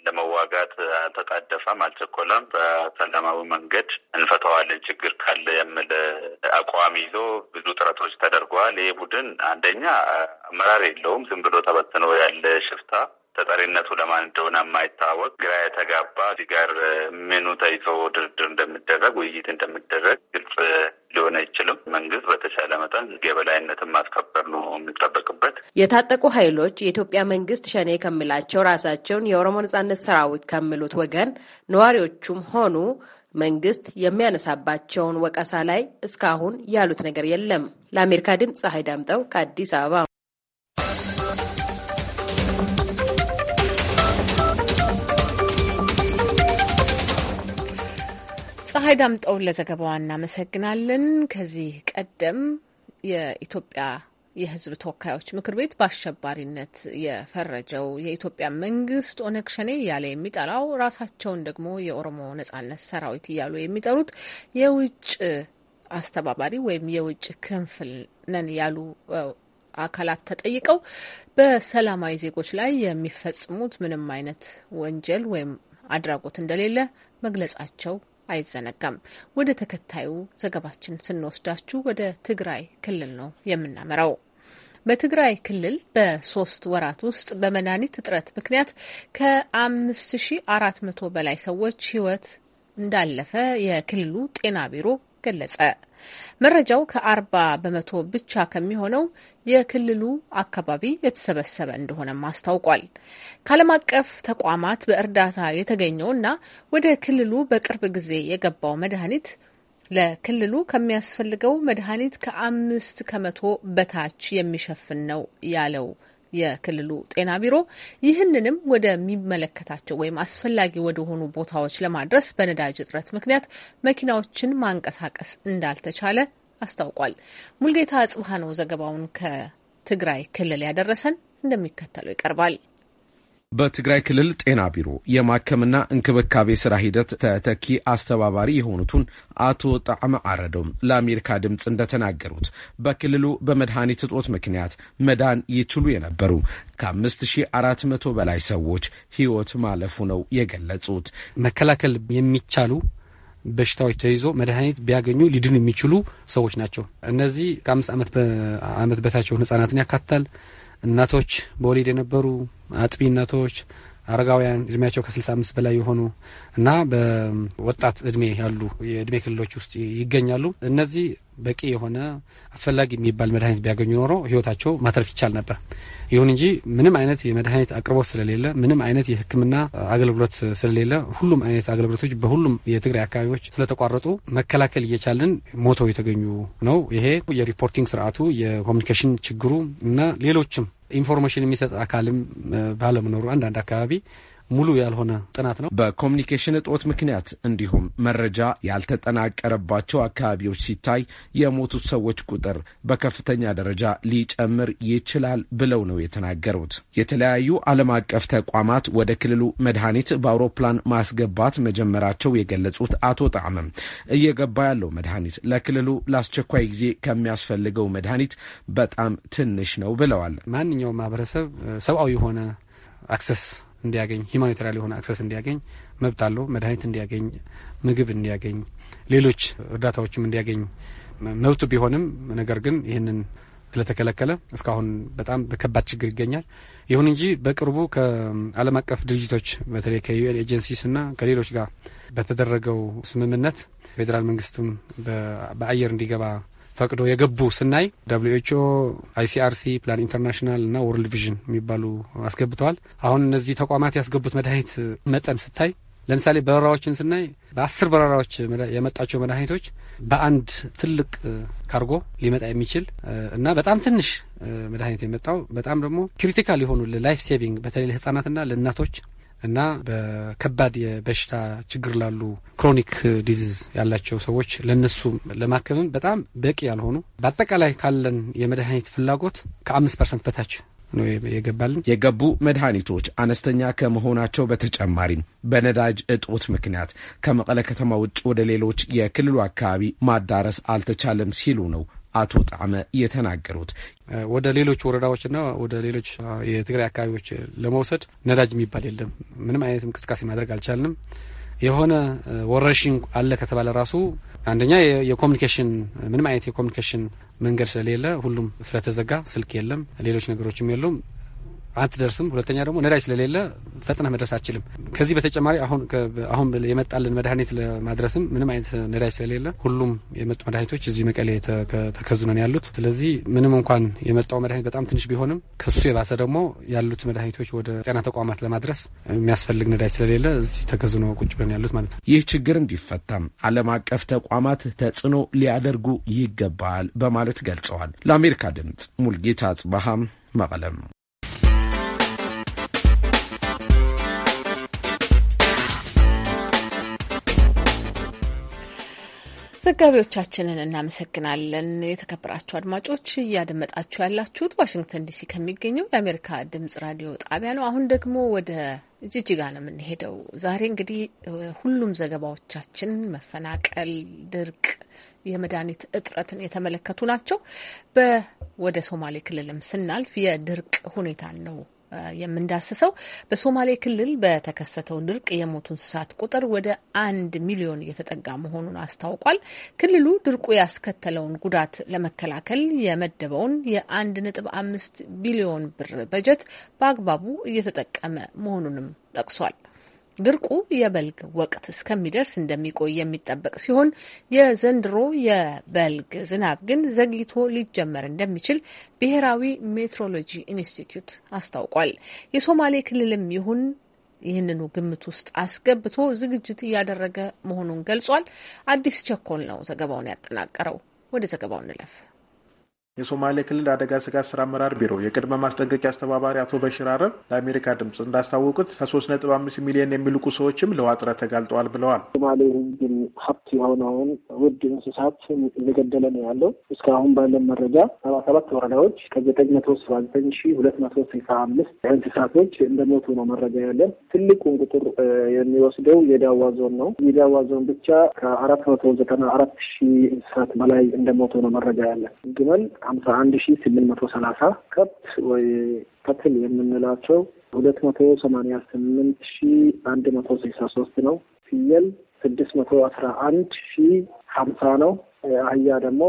ለመዋጋት አልተጣደፈም፣ አልቸኮለም። በሰላማዊ መንገድ እንፈተዋለን ችግር ካለ የሚል አቋም ይዞ ብዙ ጥረቶች ተደርገዋል። ይህ ቡድን አንደኛ አመራር የለውም። ዝም ብሎ ተበትኖ ያለ ሽፍታ ተጠሪነቱ ለማን እንደሆነ የማይታወቅ ግራ የተጋባ እዚህ ጋር ምኑ ተይዞ ድርድር እንደሚደረግ ውይይት እንደሚደረግ ግልጽ ሊሆን አይችልም። መንግስት በተቻለ መጠን የበላይነትን ማስከበር ነው የሚጠበቅበት። የታጠቁ ኃይሎች የኢትዮጵያ መንግስት ሸኔ ከሚላቸው ራሳቸውን የኦሮሞ ነጻነት ሰራዊት ከሚሉት ወገን ነዋሪዎቹም ሆኑ መንግስት የሚያነሳባቸውን ወቀሳ ላይ እስካሁን ያሉት ነገር የለም። ለአሜሪካ ድምፅ ፀሐይ ዳምጠው ከአዲስ አበባ ፀሐይ ዳምጠውን ለዘገባዋ እናመሰግናለን። ከዚህ ቀደም የኢትዮጵያ የሕዝብ ተወካዮች ምክር ቤት በአሸባሪነት የፈረጀው የኢትዮጵያ መንግስት ኦነግ ሸኔ እያለ የሚጠራው ራሳቸውን ደግሞ የኦሮሞ ነጻነት ሰራዊት እያሉ የሚጠሩት የውጭ አስተባባሪ ወይም የውጭ ክንፍል ነን ያሉ አካላት ተጠይቀው በሰላማዊ ዜጎች ላይ የሚፈጽሙት ምንም አይነት ወንጀል ወይም አድራጎት እንደሌለ መግለጻቸው አይዘነጋም። ወደ ተከታዩ ዘገባችን ስንወስዳችሁ ወደ ትግራይ ክልል ነው የምናመራው። በትግራይ ክልል በሶስት ወራት ውስጥ በመድኃኒት እጥረት ምክንያት ከ ሺ አራት መቶ በላይ ሰዎች ህይወት እንዳለፈ የክልሉ ጤና ቢሮ ገለጸ። መረጃው ከአርባ በመቶ ብቻ ከሚሆነው የክልሉ አካባቢ የተሰበሰበ እንደሆነም አስታውቋል። ከዓለም አቀፍ ተቋማት በእርዳታ የተገኘው እና ወደ ክልሉ በቅርብ ጊዜ የገባው መድኃኒት ለክልሉ ከሚያስፈልገው መድኃኒት ከአምስት ከመቶ በታች የሚሸፍን ነው ያለው የክልሉ ጤና ቢሮ ይህንንም ወደሚመለከታቸው ወይም አስፈላጊ ወደሆኑ ቦታዎች ለማድረስ በነዳጅ እጥረት ምክንያት መኪናዎችን ማንቀሳቀስ እንዳልተቻለ አስታውቋል። ሙልጌታ አጽብሃ ነው ዘገባውን ከትግራይ ክልል ያደረሰን፣ እንደሚከተለው ይቀርባል። በትግራይ ክልል ጤና ቢሮ የማከምና እንክብካቤ ስራ ሂደት ተተኪ አስተባባሪ የሆኑትን አቶ ጣዕመ አረዶም ለአሜሪካ ድምፅ እንደተናገሩት በክልሉ በመድኃኒት እጦት ምክንያት መዳን ይችሉ የነበሩ ከ5400 በላይ ሰዎች ህይወት ማለፉ ነው የገለጹት። መከላከል የሚቻሉ በሽታዎች ተይዞ መድኃኒት ቢያገኙ ሊድን የሚችሉ ሰዎች ናቸው። እነዚህ ከአምስት ዓመት በታቸውን ህጻናትን ያካትታል። እናቶች በወሊድ የነበሩ አጥቢ እናቶች አረጋውያን እድሜያቸው ከ65 በላይ የሆኑ እና በወጣት እድሜ ያሉ የእድሜ ክልሎች ውስጥ ይገኛሉ። እነዚህ በቂ የሆነ አስፈላጊ የሚባል መድኃኒት ቢያገኙ ኖሮ ህይወታቸው ማትረፍ ይቻል ነበር። ይሁን እንጂ ምንም አይነት የመድኃኒት አቅርቦት ስለሌለ፣ ምንም አይነት የህክምና አገልግሎት ስለሌለ ሁሉም አይነት አገልግሎቶች በሁሉም የትግራይ አካባቢዎች ስለተቋረጡ መከላከል እየቻልን ሞተው የተገኙ ነው። ይሄ የሪፖርቲንግ ስርዓቱ የኮሚኒኬሽን ችግሩ እና ሌሎችም ኢንፎርሜሽን የሚሰጥ አካልም ባለመኖሩ አንዳንድ አካባቢ ሙሉ ያልሆነ ጥናት ነው። በኮሚኒኬሽን እጦት ምክንያት እንዲሁም መረጃ ያልተጠናቀረባቸው አካባቢዎች ሲታይ የሞቱት ሰዎች ቁጥር በከፍተኛ ደረጃ ሊጨምር ይችላል ብለው ነው የተናገሩት። የተለያዩ ዓለም አቀፍ ተቋማት ወደ ክልሉ መድኃኒት በአውሮፕላን ማስገባት መጀመራቸው የገለጹት አቶ ጣዕምም እየገባ ያለው መድኃኒት ለክልሉ ለአስቸኳይ ጊዜ ከሚያስፈልገው መድኃኒት በጣም ትንሽ ነው ብለዋል። ማንኛውም ማህበረሰብ ሰብአዊ የሆነ አክሰስ እንዲያገኝ ሂማኒታሪያን የሆነ አክሰስ እንዲያገኝ መብት አለው። መድኃኒት እንዲያገኝ፣ ምግብ እንዲያገኝ፣ ሌሎች እርዳታዎችም እንዲያገኝ መብቱ ቢሆንም ነገር ግን ይህንን ስለተከለከለ እስካሁን በጣም በከባድ ችግር ይገኛል። ይሁን እንጂ በቅርቡ ከዓለም አቀፍ ድርጅቶች በተለይ ከዩኤን ኤጀንሲስ ከሌሎች ጋር በተደረገው ስምምነት ፌዴራል መንግስትም በአየር እንዲገባ ፈቅዶ የገቡ ስናይ ደብሊው ኤችኦ፣ አይሲአርሲ፣ ፕላን ኢንተርናሽናል እና ወርልድ ቪዥን የሚባሉ አስገብተዋል። አሁን እነዚህ ተቋማት ያስገቡት መድኃኒት መጠን ስታይ ለምሳሌ በረራዎችን ስናይ በአስር በረራዎች የመጣቸው መድኃኒቶች በአንድ ትልቅ ካርጎ ሊመጣ የሚችል እና በጣም ትንሽ መድኃኒት የመጣው በጣም ደግሞ ክሪቲካል የሆኑ ለላይፍ ሴቪንግ በተለይ ለህጻናትና ለእናቶች እና በከባድ የበሽታ ችግር ላሉ ክሮኒክ ዲዚዝ ያላቸው ሰዎች ለነሱ ለማከምም በጣም በቂ ያልሆኑ በአጠቃላይ ካለን የመድኃኒት ፍላጎት ከአምስት ፐርሰንት በታች ነው የገባልን። የገቡ መድኃኒቶች አነስተኛ ከመሆናቸው በተጨማሪም በነዳጅ እጦት ምክንያት ከመቀለ ከተማ ውጭ ወደ ሌሎች የክልሉ አካባቢ ማዳረስ አልተቻለም ሲሉ ነው አቶ ጣመ የተናገሩት። ወደ ሌሎች ወረዳዎችና ወደ ሌሎች የትግራይ አካባቢዎች ለመውሰድ ነዳጅ የሚባል የለም። ምንም አይነት እንቅስቃሴ ማድረግ አልቻልንም። የሆነ ወረርሽኝ አለ ከተባለ ራሱ አንደኛ የኮሚኒኬሽን ምንም አይነት የኮሚኒኬሽን መንገድ ስለሌለ ሁሉም ስለተዘጋ ስልክ የለም፣ ሌሎች ነገሮችም የሉም። አትደርስም። ሁለተኛ ደግሞ ነዳጅ ስለሌለ ፈጥነህ መድረስ አችልም። ከዚህ በተጨማሪ አሁን አሁን የመጣልን መድኃኒት ለማድረስም ምንም አይነት ነዳጅ ስለሌለ ሁሉም የመጡ መድኃኒቶች እዚህ መቀሌ ተከዙ ነው ያሉት። ስለዚህ ምንም እንኳን የመጣው መድኃኒት በጣም ትንሽ ቢሆንም ከሱ የባሰ ደግሞ ያሉት መድኃኒቶች ወደ ጤና ተቋማት ለማድረስ የሚያስፈልግ ነዳጅ ስለሌለ እዚህ ተከዙ ነው ቁጭ ብለን ያሉት ማለት ነው። ይህ ችግር እንዲፈታም ዓለም አቀፍ ተቋማት ተጽዕኖ ሊያደርጉ ይገባል በማለት ገልጸዋል። ለአሜሪካ ድምፅ ሙልጌታ አጽባሃም መቀለም ዘጋቢዎቻችንን እናመሰግናለን። የተከበራችሁ አድማጮች እያደመጣችሁ ያላችሁት ዋሽንግተን ዲሲ ከሚገኘው የአሜሪካ ድምጽ ራዲዮ ጣቢያ ነው። አሁን ደግሞ ወደ ጅጅጋ ነው የምንሄደው። ዛሬ እንግዲህ ሁሉም ዘገባዎቻችን መፈናቀል፣ ድርቅ፣ የመድኃኒት እጥረትን የተመለከቱ ናቸው። ወደ ሶማሌ ክልልም ስናልፍ የድርቅ ሁኔታን ነው የምንዳስሰው በሶማሌ ክልል በተከሰተው ድርቅ የሞቱ እንስሳት ቁጥር ወደ አንድ ሚሊዮን እየተጠጋ መሆኑን አስታውቋል። ክልሉ ድርቁ ያስከተለውን ጉዳት ለመከላከል የመደበውን የአንድ ነጥብ አምስት ቢሊዮን ብር በጀት በአግባቡ እየተጠቀመ መሆኑንም ጠቅሷል። ድርቁ የበልግ ወቅት እስከሚደርስ እንደሚቆይ የሚጠበቅ ሲሆን የዘንድሮ የበልግ ዝናብ ግን ዘግይቶ ሊጀመር እንደሚችል ብሔራዊ ሜትሮሎጂ ኢንስቲትዩት አስታውቋል። የሶማሌ ክልልም ይሁን ይህንኑ ግምት ውስጥ አስገብቶ ዝግጅት እያደረገ መሆኑን ገልጿል። አዲስ ቸኮል ነው ዘገባውን ያጠናቀረው። ወደ ዘገባው እንለፍ። የሶማሌ ክልል አደጋ ስጋት ስራ አመራር ቢሮ የቅድመ ማስጠንቀቂያ አስተባባሪ አቶ በሽር አረብ ለአሜሪካ ድምፅ እንዳስታወቁት ከ35 ሚሊዮን የሚልቁ ሰዎችም ለውሃ እጥረት ተጋልጠዋል ብለዋል። ሶማሌ ህዝብን ሀብት የሆነውን ውድ እንስሳት እየገደለ ነው ያለው። እስካሁን ባለን መረጃ ሰባ ሰባት ወረዳዎች ከዘጠኝ መቶ ሰባ ዘጠኝ ሺ ሁለት መቶ ስልሳ አምስት እንስሳቶች እንደሞቱ ነው መረጃ ያለን። ትልቁን ቁጥር የሚወስደው የዳዋ ዞን ነው። የዳዋ ዞን ብቻ ከአራት መቶ ዘጠና አራት ሺህ እንስሳት በላይ እንደሞቱ ነው መረጃ ያለን። ግመል አምሳ አንድ ሺ ስምንት መቶ ሰላሳ ከብት ወይ ተክል የምንላቸው ሁለት መቶ ሰማኒያ ስምንት ሺ አንድ መቶ ስልሳ ሶስት ነው። ፍየል ስድስት መቶ አስራ አንድ ሺ ሀምሳ ነው። አህያ ደግሞ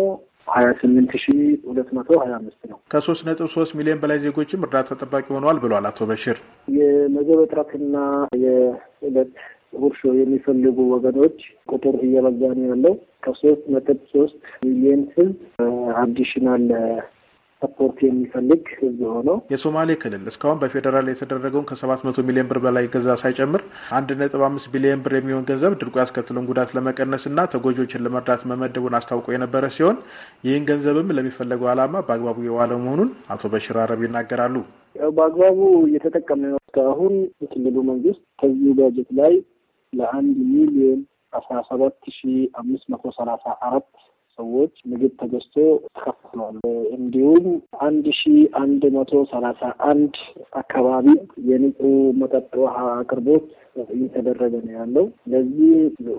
ሀያ ስምንት ሺ ሁለት መቶ ሀያ አምስት ነው። ከሶስት ነጥብ ሶስት ሚሊዮን በላይ ዜጎችም እርዳታ ጠባቂ ሆነዋል ብሏል አቶ በሽር። የምግብ እጥረትና የእለት ጉርሾ የሚፈልጉ ወገኖች ቁጥር እየበዛ ነው ያለው። ከሶስት ነጥብ ሶስት ሚሊየን ህዝብ አዲሽናል ሰፖርት የሚፈልግ ህዝብ ሆነው የሶማሌ ክልል እስካሁን በፌዴራል የተደረገውን ከሰባት መቶ ሚሊዮን ብር በላይ ገዛ ሳይጨምር አንድ ነጥብ አምስት ቢሊዮን ብር የሚሆን ገንዘብ ድርቁ ያስከትለውን ጉዳት ለመቀነስና ተጎጂዎችን ለመርዳት መመደቡን አስታውቆ የነበረ ሲሆን ይህን ገንዘብም ለሚፈለገው ዓላማ በአግባቡ የዋለ መሆኑን አቶ በሽር አረብ ይናገራሉ። በአግባቡ እየተጠቀመ ነው። እስካሁን የክልሉ መንግስት ከዚህ በጀት ላይ ለአንድ ሚሊዮን አስራ ሰባት ሺ አምስት መቶ ሰላሳ አራት ሰዎች ምግብ ተገዝቶ ተከፍሏል። እንዲሁም አንድ ሺ አንድ መቶ ሰላሳ አንድ አካባቢ የንጹህ መጠጥ ውሃ አቅርቦት እየተደረገ ነው ያለው። ለዚህ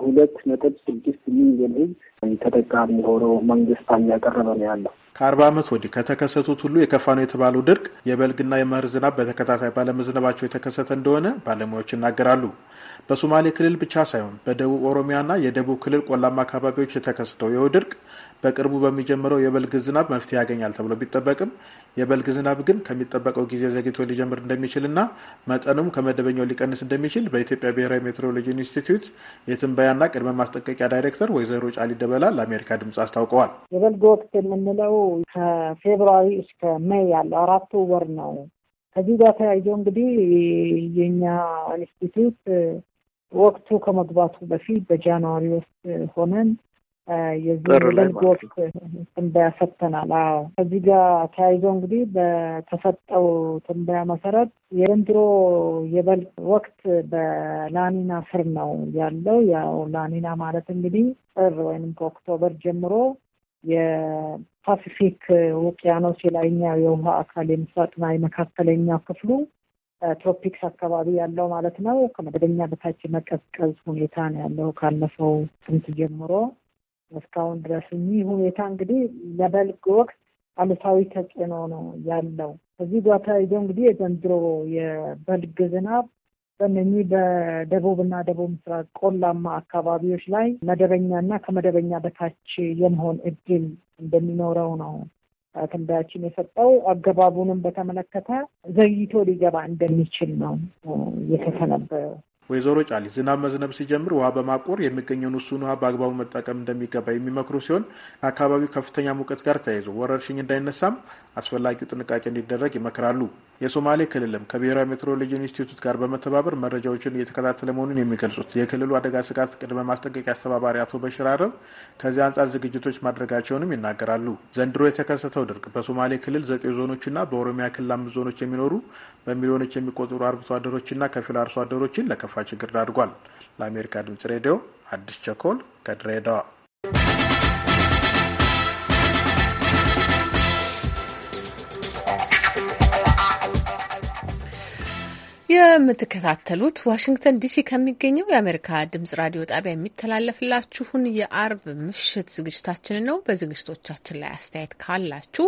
ሁለት ነጥብ ስድስት ሚሊዮን ህዝብ ተጠቃሚ ሆኖ መንግስት እያቀረበ ነው ያለው። ከአርባ ዓመት ወዲህ ከተከሰቱት ሁሉ የከፋ ነው የተባለው ድርቅ የበልግና የመኸር ዝናብ በተከታታይ ባለመዝነባቸው የተከሰተ እንደሆነ ባለሙያዎች ይናገራሉ። በሶማሌ ክልል ብቻ ሳይሆን በደቡብ ኦሮሚያና የደቡብ ክልል ቆላማ አካባቢዎች የተከሰተው ይኸው ድርቅ በቅርቡ በሚጀምረው የበልግ ዝናብ መፍትሄ ያገኛል ተብሎ ቢጠበቅም የበልግ ዝናብ ግን ከሚጠበቀው ጊዜ ዘግይቶ ሊጀምር እንደሚችልና መጠኑም ከመደበኛው ሊቀንስ እንደሚችል በኢትዮጵያ ብሔራዊ ሜትሮሎጂ ኢንስቲትዩት የትንበያና ቅድመ ማስጠንቀቂያ ዳይሬክተር ወይዘሮ ጫሊ ደበላ ለአሜሪካ ድምጽ አስታውቀዋል። የበልግ ወቅት የምንለው ከፌብርዋሪ እስከ ሜይ ያለው አራቱ ወር ነው። ከዚህ ጋር ተያይዞ እንግዲህ የኛ ኢንስቲትዩት ወቅቱ ከመግባቱ በፊት በጃንዋሪ ውስጥ ሆነን የዚህ ወቅት ትንበያ ሰጥተናል። አዎ ከዚህ ጋር ተያይዞ እንግዲህ በተሰጠው ትንበያ መሰረት የዘንድሮ የበልግ ወቅት በላኒና ስር ነው ያለው። ያው ላኒና ማለት እንግዲህ ጥር ወይም ከኦክቶበር ጀምሮ የፓሲፊክ ውቅያኖስ የላይኛው የውሃ አካል የምስራቅና የመካከለኛው ክፍሉ ትሮፒክስ አካባቢ ያለው ማለት ነው። ከመደበኛ በታች መቀዝቀዝ ሁኔታ ነው ያለው ካለፈው ስምት ጀምሮ እስካሁን ድረስ። ይህ ሁኔታ እንግዲህ ለበልግ ወቅት አሉታዊ ተጽዕኖ ነው ያለው። ከዚህ ጋር ተያይዞ እንግዲህ የዘንድሮ የበልግ ዝናብ በእነኚህ በደቡብና ደቡብ ምስራቅ ቆላማ አካባቢዎች ላይ መደበኛና ከመደበኛ በታች የመሆን እድል እንደሚኖረው ነው ትንበያችን የሰጠው አገባቡንም በተመለከተ ዘግይቶ ሊገባ እንደሚችል ነው የተተነበየው። ወይዘሮ ጫሊ ዝናብ መዝነብ ሲጀምር ውሃ በማቆር የሚገኘውን ውሱን ውሃ በአግባቡ መጠቀም እንደሚገባ የሚመክሩ ሲሆን ከአካባቢው ከፍተኛ ሙቀት ጋር ተያይዞ ወረርሽኝ እንዳይነሳም አስፈላጊው ጥንቃቄ እንዲደረግ ይመክራሉ። የሶማሌ ክልልም ከብሔራዊ ሜትሮሎጂ ኢንስቲትዩት ጋር በመተባበር መረጃዎችን እየተከታተለ መሆኑን የሚገልጹት የክልሉ አደጋ ስጋት ቅድመ ማስጠንቀቂያ አስተባባሪ አቶ በሽር አረብ ከዚህ አንጻር ዝግጅቶች ማድረጋቸውንም ይናገራሉ። ዘንድሮ የተከሰተው ድርቅ በሶማሌ ክልል ዘጠኝ ዞኖችና በኦሮሚያ ክልል አምስት ዞኖች የሚኖሩ በሚሊዮኖች የሚቆጠሩ አርብቶ አደሮችና ከፊል አርሶ አደሮችን ለከፍ የከፋ ችግር ዳርጓል። ለአሜሪካ ድምጽ ሬዲዮ አዲስ ቸኮል ከድሬዳዋ። የምትከታተሉት ዋሽንግተን ዲሲ ከሚገኘው የአሜሪካ ድምጽ ራዲዮ ጣቢያ የሚተላለፍላችሁን የአርብ ምሽት ዝግጅታችንን ነው። በዝግጅቶቻችን ላይ አስተያየት ካላችሁ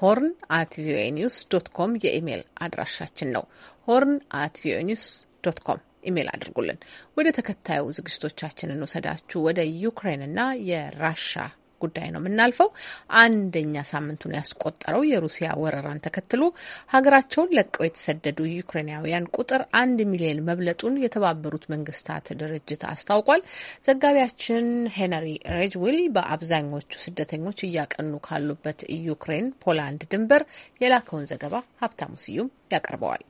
ሆርን አት ቪኦኤ ኒውስ ዶት ኮም የኢሜይል አድራሻችን ነው። ሆርን አት ቪኦኤ ኒውስ ዶት ኮም ኢሜል አድርጉልን። ወደ ተከታዩ ዝግጅቶቻችን እንውሰዳችሁ። ወደ ዩክሬንና የራሻ ጉዳይ ነው የምናልፈው። አንደኛ ሳምንቱን ያስቆጠረው የሩሲያ ወረራን ተከትሎ ሀገራቸውን ለቀው የተሰደዱ ዩክሬናውያን ቁጥር አንድ ሚሊዮን መብለጡን የተባበሩት መንግስታት ድርጅት አስታውቋል። ዘጋቢያችን ሄነሪ ሬጅዊል በአብዛኞቹ ስደተኞች እያቀኑ ካሉበት ዩክሬን ፖላንድ ድንበር የላከውን ዘገባ ሀብታሙ ስዩም ያቀርበዋል።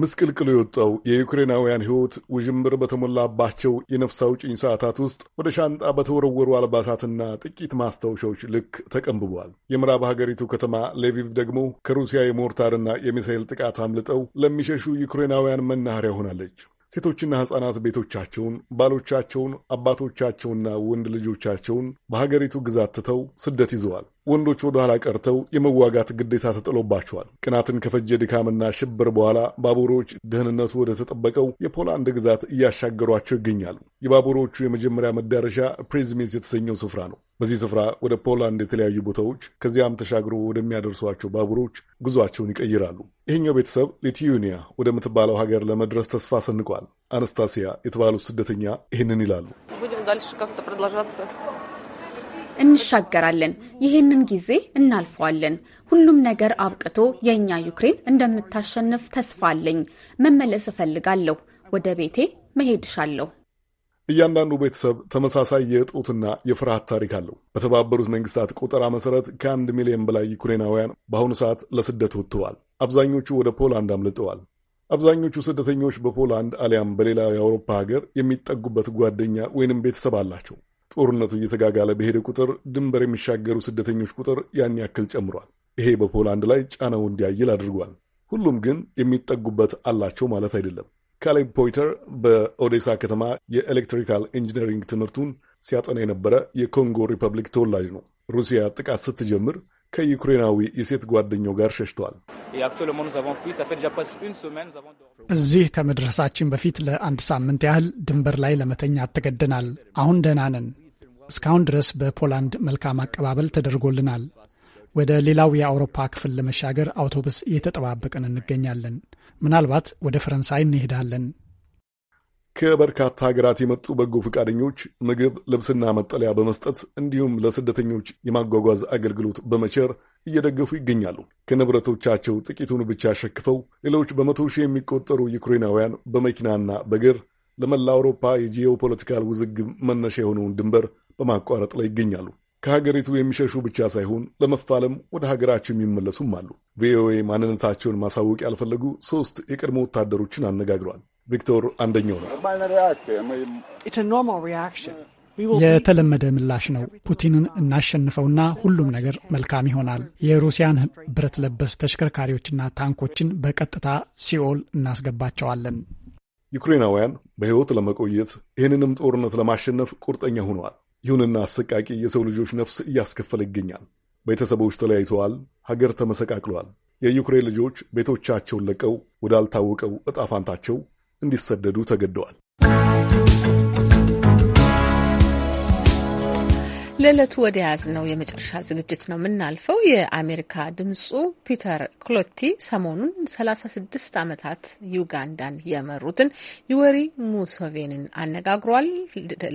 ምስቅልቅሉ የወጣው የዩክሬናውያን ሕይወት ውዥምብር በተሞላባቸው የነፍስ አውጭኝ ሰዓታት ውስጥ ወደ ሻንጣ በተወረወሩ አልባሳትና ጥቂት ማስታወሻዎች ልክ ተቀንብቧል። የምዕራብ ሀገሪቱ ከተማ ሌቪቭ ደግሞ ከሩሲያ የሞርታርና የሚሳኤል ጥቃት አምልጠው ለሚሸሹ ዩክሬናውያን መናኸሪያ ሆናለች። ሴቶችና ሕፃናት ቤቶቻቸውን፣ ባሎቻቸውን፣ አባቶቻቸውና ወንድ ልጆቻቸውን በሀገሪቱ ግዛት ትተው ስደት ይዘዋል። ወንዶች ወደ ኋላ ቀርተው የመዋጋት ግዴታ ተጥሎባቸዋል። ቅናትን ከፈጀ ድካምና ሽብር በኋላ ባቡሮች ደህንነቱ ወደ ተጠበቀው የፖላንድ ግዛት እያሻገሯቸው ይገኛሉ። የባቡሮቹ የመጀመሪያ መዳረሻ ፕሬዝሜስ የተሰኘው ስፍራ ነው። በዚህ ስፍራ ወደ ፖላንድ የተለያዩ ቦታዎች ከዚያም ተሻግሮ ወደሚያደርሷቸው ባቡሮች ጉዞአቸውን ይቀይራሉ። ይህኛው ቤተሰብ ሊትዩኒያ ወደምትባለው ሀገር ለመድረስ ተስፋ ሰንቋል። አነስታሲያ የተባሉት ስደተኛ ይህንን ይላሉ። እንሻገራለን። ይህንን ጊዜ እናልፈዋለን። ሁሉም ነገር አብቅቶ የእኛ ዩክሬን እንደምታሸንፍ ተስፋ አለኝ። መመለስ እፈልጋለሁ። ወደ ቤቴ መሄድሻለሁ። እያንዳንዱ ቤተሰብ ተመሳሳይ የእጦትና የፍርሃት ታሪክ አለው። በተባበሩት መንግስታት ቆጠራ መሠረት ከአንድ ሚሊዮን በላይ ዩክሬናውያን በአሁኑ ሰዓት ለስደት ወጥተዋል። አብዛኞቹ ወደ ፖላንድ አምልጠዋል። አብዛኞቹ ስደተኞች በፖላንድ አሊያም በሌላ የአውሮፓ ሀገር የሚጠጉበት ጓደኛ ወይንም ቤተሰብ አላቸው። ጦርነቱ እየተጋጋለ በሄደ ቁጥር ድንበር የሚሻገሩ ስደተኞች ቁጥር ያን ያክል ጨምሯል። ይሄ በፖላንድ ላይ ጫናው እንዲያይል አድርጓል። ሁሉም ግን የሚጠጉበት አላቸው ማለት አይደለም። ካሌብ ፖይተር በኦዴሳ ከተማ የኤሌክትሪካል ኢንጂነሪንግ ትምህርቱን ሲያጠና የነበረ የኮንጎ ሪፐብሊክ ተወላጅ ነው። ሩሲያ ጥቃት ስትጀምር ከዩክሬናዊ የሴት ጓደኛው ጋር ሸሽተዋል። እዚህ ከመድረሳችን በፊት ለአንድ ሳምንት ያህል ድንበር ላይ ለመተኛ ተገደናል። አሁን ደህና ነን። እስካሁን ድረስ በፖላንድ መልካም አቀባበል ተደርጎልናል። ወደ ሌላው የአውሮፓ ክፍል ለመሻገር አውቶቡስ እየተጠባበቅን እንገኛለን። ምናልባት ወደ ፈረንሳይ እንሄዳለን። ከበርካታ ሀገራት የመጡ በጎ ፈቃደኞች ምግብ፣ ልብስና መጠለያ በመስጠት እንዲሁም ለስደተኞች የማጓጓዝ አገልግሎት በመቸር እየደገፉ ይገኛሉ። ከንብረቶቻቸው ጥቂቱን ብቻ ሸክፈው ሌሎች በመቶ ሺህ የሚቆጠሩ ዩክሬናውያን በመኪናና በእግር ለመላ አውሮፓ የጂኦፖለቲካል ውዝግብ መነሻ የሆነውን ድንበር በማቋረጥ ላይ ይገኛሉ። ከሀገሪቱ የሚሸሹ ብቻ ሳይሆን ለመፋለም ወደ ሀገራቸው የሚመለሱም አሉ። ቪኦኤ ማንነታቸውን ማሳወቅ ያልፈለጉ ሶስት የቀድሞ ወታደሮችን አነጋግሯል። ቪክቶር አንደኛው ነው። የተለመደ ምላሽ ነው። ፑቲንን እናሸንፈውና ሁሉም ነገር መልካም ይሆናል። የሩሲያን ብረት ለበስ ተሽከርካሪዎችና ታንኮችን በቀጥታ ሲኦል እናስገባቸዋለን። ዩክሬናውያን በሕይወት ለመቆየት ይህንንም ጦርነት ለማሸነፍ ቁርጠኛ ሆነዋል። ይሁንና አሰቃቂ የሰው ልጆች ነፍስ እያስከፈለ ይገኛል። ቤተሰቦች ተለያይተዋል። ሀገር ተመሰቃቅሏል። የዩክሬን ልጆች ቤቶቻቸውን ለቀው ወዳልታወቀው እጣፋንታቸው። እንዲሰደዱ ተገደዋል። ለዕለቱ ወደ ያዝ ነው የመጨረሻ ዝግጅት ነው የምናልፈው። የአሜሪካ ድምፁ ፒተር ክሎቲ ሰሞኑን 36 ዓመታት ዩጋንዳን የመሩትን ዩወሪ ሙሶቬንን አነጋግሯል።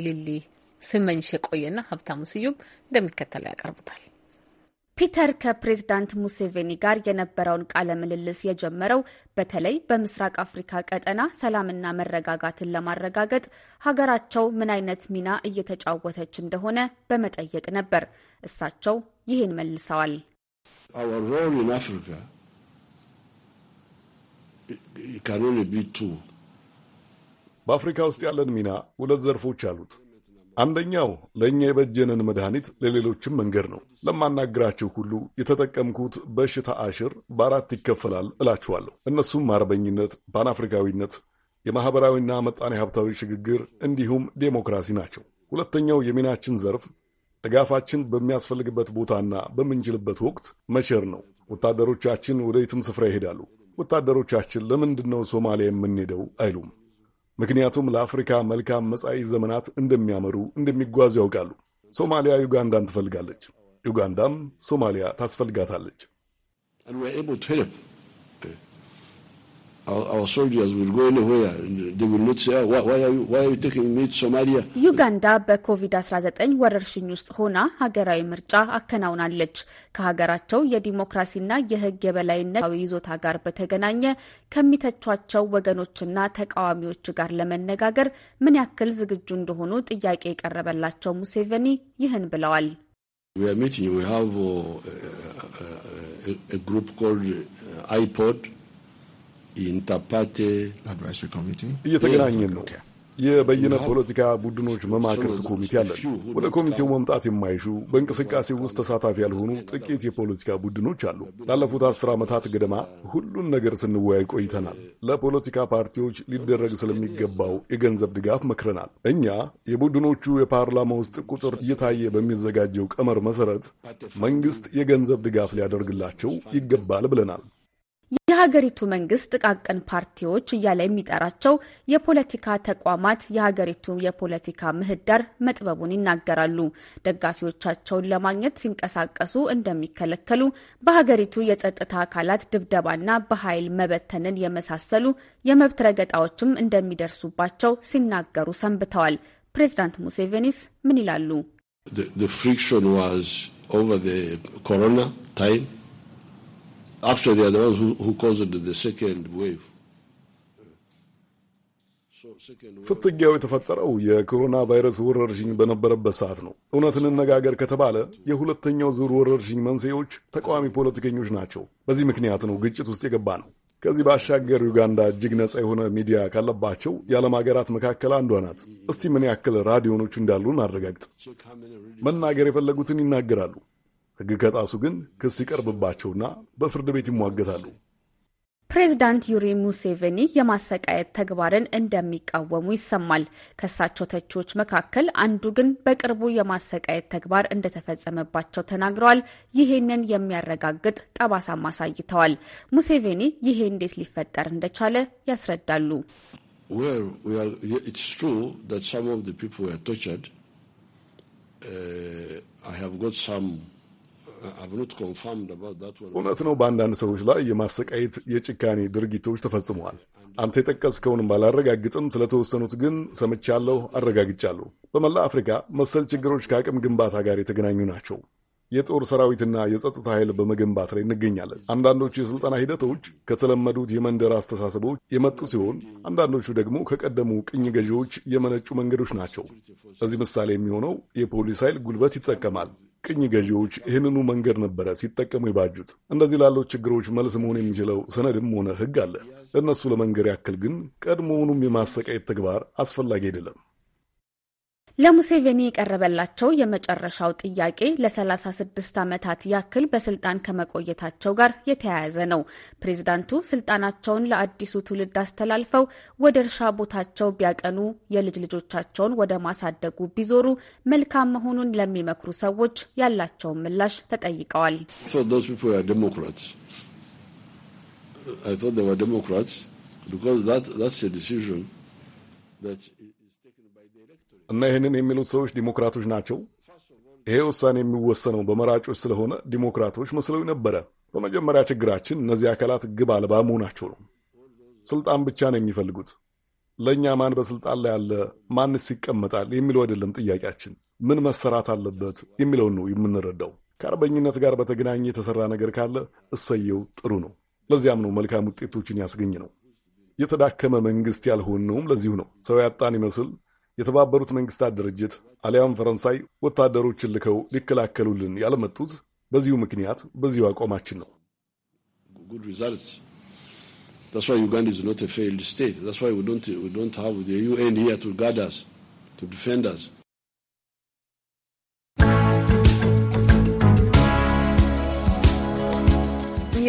ሊሊ ስመኝሽ የቆየና ሀብታሙ ስዩም እንደሚከተለው ያቀርቡታል። ፒተር ከፕሬዝዳንት ሙሴቬኒ ጋር የነበረውን ቃለ ምልልስ የጀመረው በተለይ በምስራቅ አፍሪካ ቀጠና ሰላምና መረጋጋትን ለማረጋገጥ ሀገራቸው ምን አይነት ሚና እየተጫወተች እንደሆነ በመጠየቅ ነበር። እሳቸው ይህን መልሰዋል። በአፍሪካ ውስጥ ያለን ሚና ሁለት ዘርፎች አሉት። አንደኛው ለእኛ የበጀንን መድኃኒት ለሌሎችም መንገድ ነው። ለማናግራቸው ሁሉ የተጠቀምኩት በሽታ አሽር በአራት ይከፈላል እላችኋለሁ። እነሱም አርበኝነት፣ ፓንአፍሪካዊነት፣ የማኅበራዊና መጣኔ ሀብታዊ ሽግግር እንዲሁም ዴሞክራሲ ናቸው። ሁለተኛው የሚናችን ዘርፍ ድጋፋችን በሚያስፈልግበት ቦታና በምንችልበት ወቅት መቸር ነው። ወታደሮቻችን ወደ የትም ስፍራ ይሄዳሉ። ወታደሮቻችን ለምንድን ነው ሶማሊያ የምንሄደው አይሉም። ምክንያቱም ለአፍሪካ መልካም መጻኢ ዘመናት እንደሚያመሩ እንደሚጓዙ ያውቃሉ። ሶማሊያ ዩጋንዳን ትፈልጋለች፣ ዩጋንዳም ሶማሊያ ታስፈልጋታለች። Our, our soldiers will go anywhere. They will not say, ah, why, why, are you, why are you taking me to Somalia? ዩጋንዳ በኮቪድ-19 ወረርሽኝ ውስጥ ሆና ሀገራዊ ምርጫ አከናውናለች። ከሀገራቸው የዲሞክራሲና የሕግ የበላይነት ይዞታ ጋር በተገናኘ ከሚተቿቸው ወገኖችና ተቃዋሚዎች ጋር ለመነጋገር ምን ያክል ዝግጁ እንደሆኑ ጥያቄ የቀረበላቸው ሙሴቬኒ ይህን ብለዋል። We are meeting. We have uh, uh, uh a, a group called uh, iPod. እየተገናኘን ነው። የበይነ ፖለቲካ ቡድኖች መማክርት ኮሚቴ አለን። ወደ ኮሚቴው መምጣት የማይሹ በእንቅስቃሴ ውስጥ ተሳታፊ ያልሆኑ ጥቂት የፖለቲካ ቡድኖች አሉ። ላለፉት አስር ዓመታት ገደማ ሁሉን ነገር ስንወያይ ቆይተናል። ለፖለቲካ ፓርቲዎች ሊደረግ ስለሚገባው የገንዘብ ድጋፍ መክረናል። እኛ የቡድኖቹ የፓርላማ ውስጥ ቁጥር እየታየ በሚዘጋጀው ቀመር መሰረት መንግስት የገንዘብ ድጋፍ ሊያደርግላቸው ይገባል ብለናል። የሀገሪቱ መንግስት ጥቃቅን ፓርቲዎች እያለ የሚጠራቸው የፖለቲካ ተቋማት የሀገሪቱ የፖለቲካ ምህዳር መጥበቡን ይናገራሉ። ደጋፊዎቻቸውን ለማግኘት ሲንቀሳቀሱ እንደሚከለከሉ፣ በሀገሪቱ የጸጥታ አካላት ድብደባና በኃይል መበተንን የመሳሰሉ የመብት ረገጣዎችም እንደሚደርሱባቸው ሲናገሩ ሰንብተዋል። ፕሬዚዳንት ሙሴቬኒስ ምን ይላሉ? Actually, they are the ones who, who caused the second wave. ፍትጊያው የተፈጠረው የኮሮና ቫይረስ ወረርሽኝ በነበረበት ሰዓት ነው። እውነት እንነጋገር ከተባለ የሁለተኛው ዙር ወረርሽኝ መንስኤዎች ተቃዋሚ ፖለቲከኞች ናቸው። በዚህ ምክንያት ነው ግጭት ውስጥ የገባ ነው። ከዚህ ባሻገር ዩጋንዳ እጅግ ነጻ የሆነ ሚዲያ ካለባቸው የዓለም ሀገራት መካከል አንዷ ናት። እስቲ ምን ያክል ራዲዮኖች እንዳሉ እናረጋግጥ። መናገር የፈለጉትን ይናገራሉ። ሕግ ከጣሱ ግን ክስ ይቀርብባቸውና በፍርድ ቤት ይሟገታሉ። ፕሬዚዳንት ዩሪ ሙሴቬኒ የማሰቃየት ተግባርን እንደሚቃወሙ ይሰማል። ከእሳቸው ተቺዎች መካከል አንዱ ግን በቅርቡ የማሰቃየት ተግባር እንደተፈጸመባቸው ተናግረዋል። ይሄንን የሚያረጋግጥ ጠባሳም አሳይተዋል። ሙሴቬኒ ይሄ እንዴት ሊፈጠር እንደቻለ ያስረዳሉ። ስ እውነት ነው። በአንዳንድ ሰዎች ላይ የማሰቃየት የጭካኔ ድርጊቶች ተፈጽመዋል። አንተ የጠቀስከውንም ባላረጋግጥም ስለተወሰኑት ግን ሰምቻለሁ፣ አረጋግጫለሁ። በመላ አፍሪካ መሰል ችግሮች ከአቅም ግንባታ ጋር የተገናኙ ናቸው። የጦር ሰራዊትና የጸጥታ ኃይል በመገንባት ላይ እንገኛለን። አንዳንዶቹ የሥልጠና ሂደቶች ከተለመዱት የመንደር አስተሳሰቦች የመጡ ሲሆን፣ አንዳንዶቹ ደግሞ ከቀደሙ ቅኝ ገዢዎች የመነጩ መንገዶች ናቸው። እዚህ ምሳሌ የሚሆነው የፖሊስ ኃይል ጉልበት ይጠቀማል። ቅኝ ገዢዎች ይህንኑ መንገድ ነበረ ሲጠቀሙ የባጁት። እንደዚህ ላሉት ችግሮች መልስ መሆን የሚችለው ሰነድም ሆነ ሕግ አለ። ለእነሱ ለመንገር ያክል ግን ቀድሞውኑም የማሰቃየት ተግባር አስፈላጊ አይደለም። ለሙሴቬኒ የቀረበላቸው የመጨረሻው ጥያቄ ለ36 ዓመታት ያክል በስልጣን ከመቆየታቸው ጋር የተያያዘ ነው። ፕሬዚዳንቱ ስልጣናቸውን ለአዲሱ ትውልድ አስተላልፈው ወደ እርሻ ቦታቸው ቢያቀኑ፣ የልጅ ልጆቻቸውን ወደ ማሳደጉ ቢዞሩ መልካም መሆኑን ለሚመክሩ ሰዎች ያላቸውን ምላሽ ተጠይቀዋል። እና ይህንን የሚሉት ሰዎች ዲሞክራቶች ናቸው። ይሄ ውሳኔ የሚወሰነው በመራጮች ስለሆነ ዲሞክራቶች መስለው ነበረ። በመጀመሪያ ችግራችን እነዚህ አካላት ግብ አልባ መሆናቸው ነው። ስልጣን ብቻ ነው የሚፈልጉት። ለእኛ ማን በስልጣን ላይ ያለ፣ ማንስ ይቀመጣል የሚለው አይደለም ጥያቄያችን። ምን መሰራት አለበት የሚለውን ነው የምንረዳው። ከአርበኝነት ጋር በተገናኘ የተሰራ ነገር ካለ እሰየው፣ ጥሩ ነው። ለዚያም ነው መልካም ውጤቶችን ያስገኝ ነው። የተዳከመ መንግስት ያልሆንነውም ለዚሁ ነው። ሰው ያጣን ይመስል የተባበሩት መንግስታት ድርጅት አሊያም ፈረንሳይ ወታደሮችን ልከው ሊከላከሉልን ያልመጡት በዚሁ ምክንያት በዚሁ አቋማችን ነው። ዩጋንዳ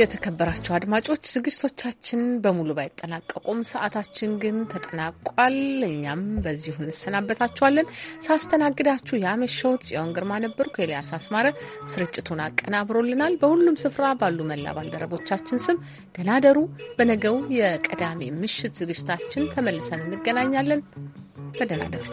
የተከበራቸው አድማጮች ዝግጅቶቻችን በሙሉ ባይጠናቀቁም ሰዓታችን ግን ተጠናቋል። እኛም በዚሁ እንሰናበታችኋለን። ሳስተናግዳችሁ ያመሸው ጽዮን ግርማ ነበርኩ። ኤልያስ አስማረ ስርጭቱን አቀናብሮልናል። በሁሉም ስፍራ ባሉ መላ ባልደረቦቻችን ስም ደህና ደሩ። በነገው የቅዳሜ ምሽት ዝግጅታችን ተመልሰን እንገናኛለን። በደህና ደሩ።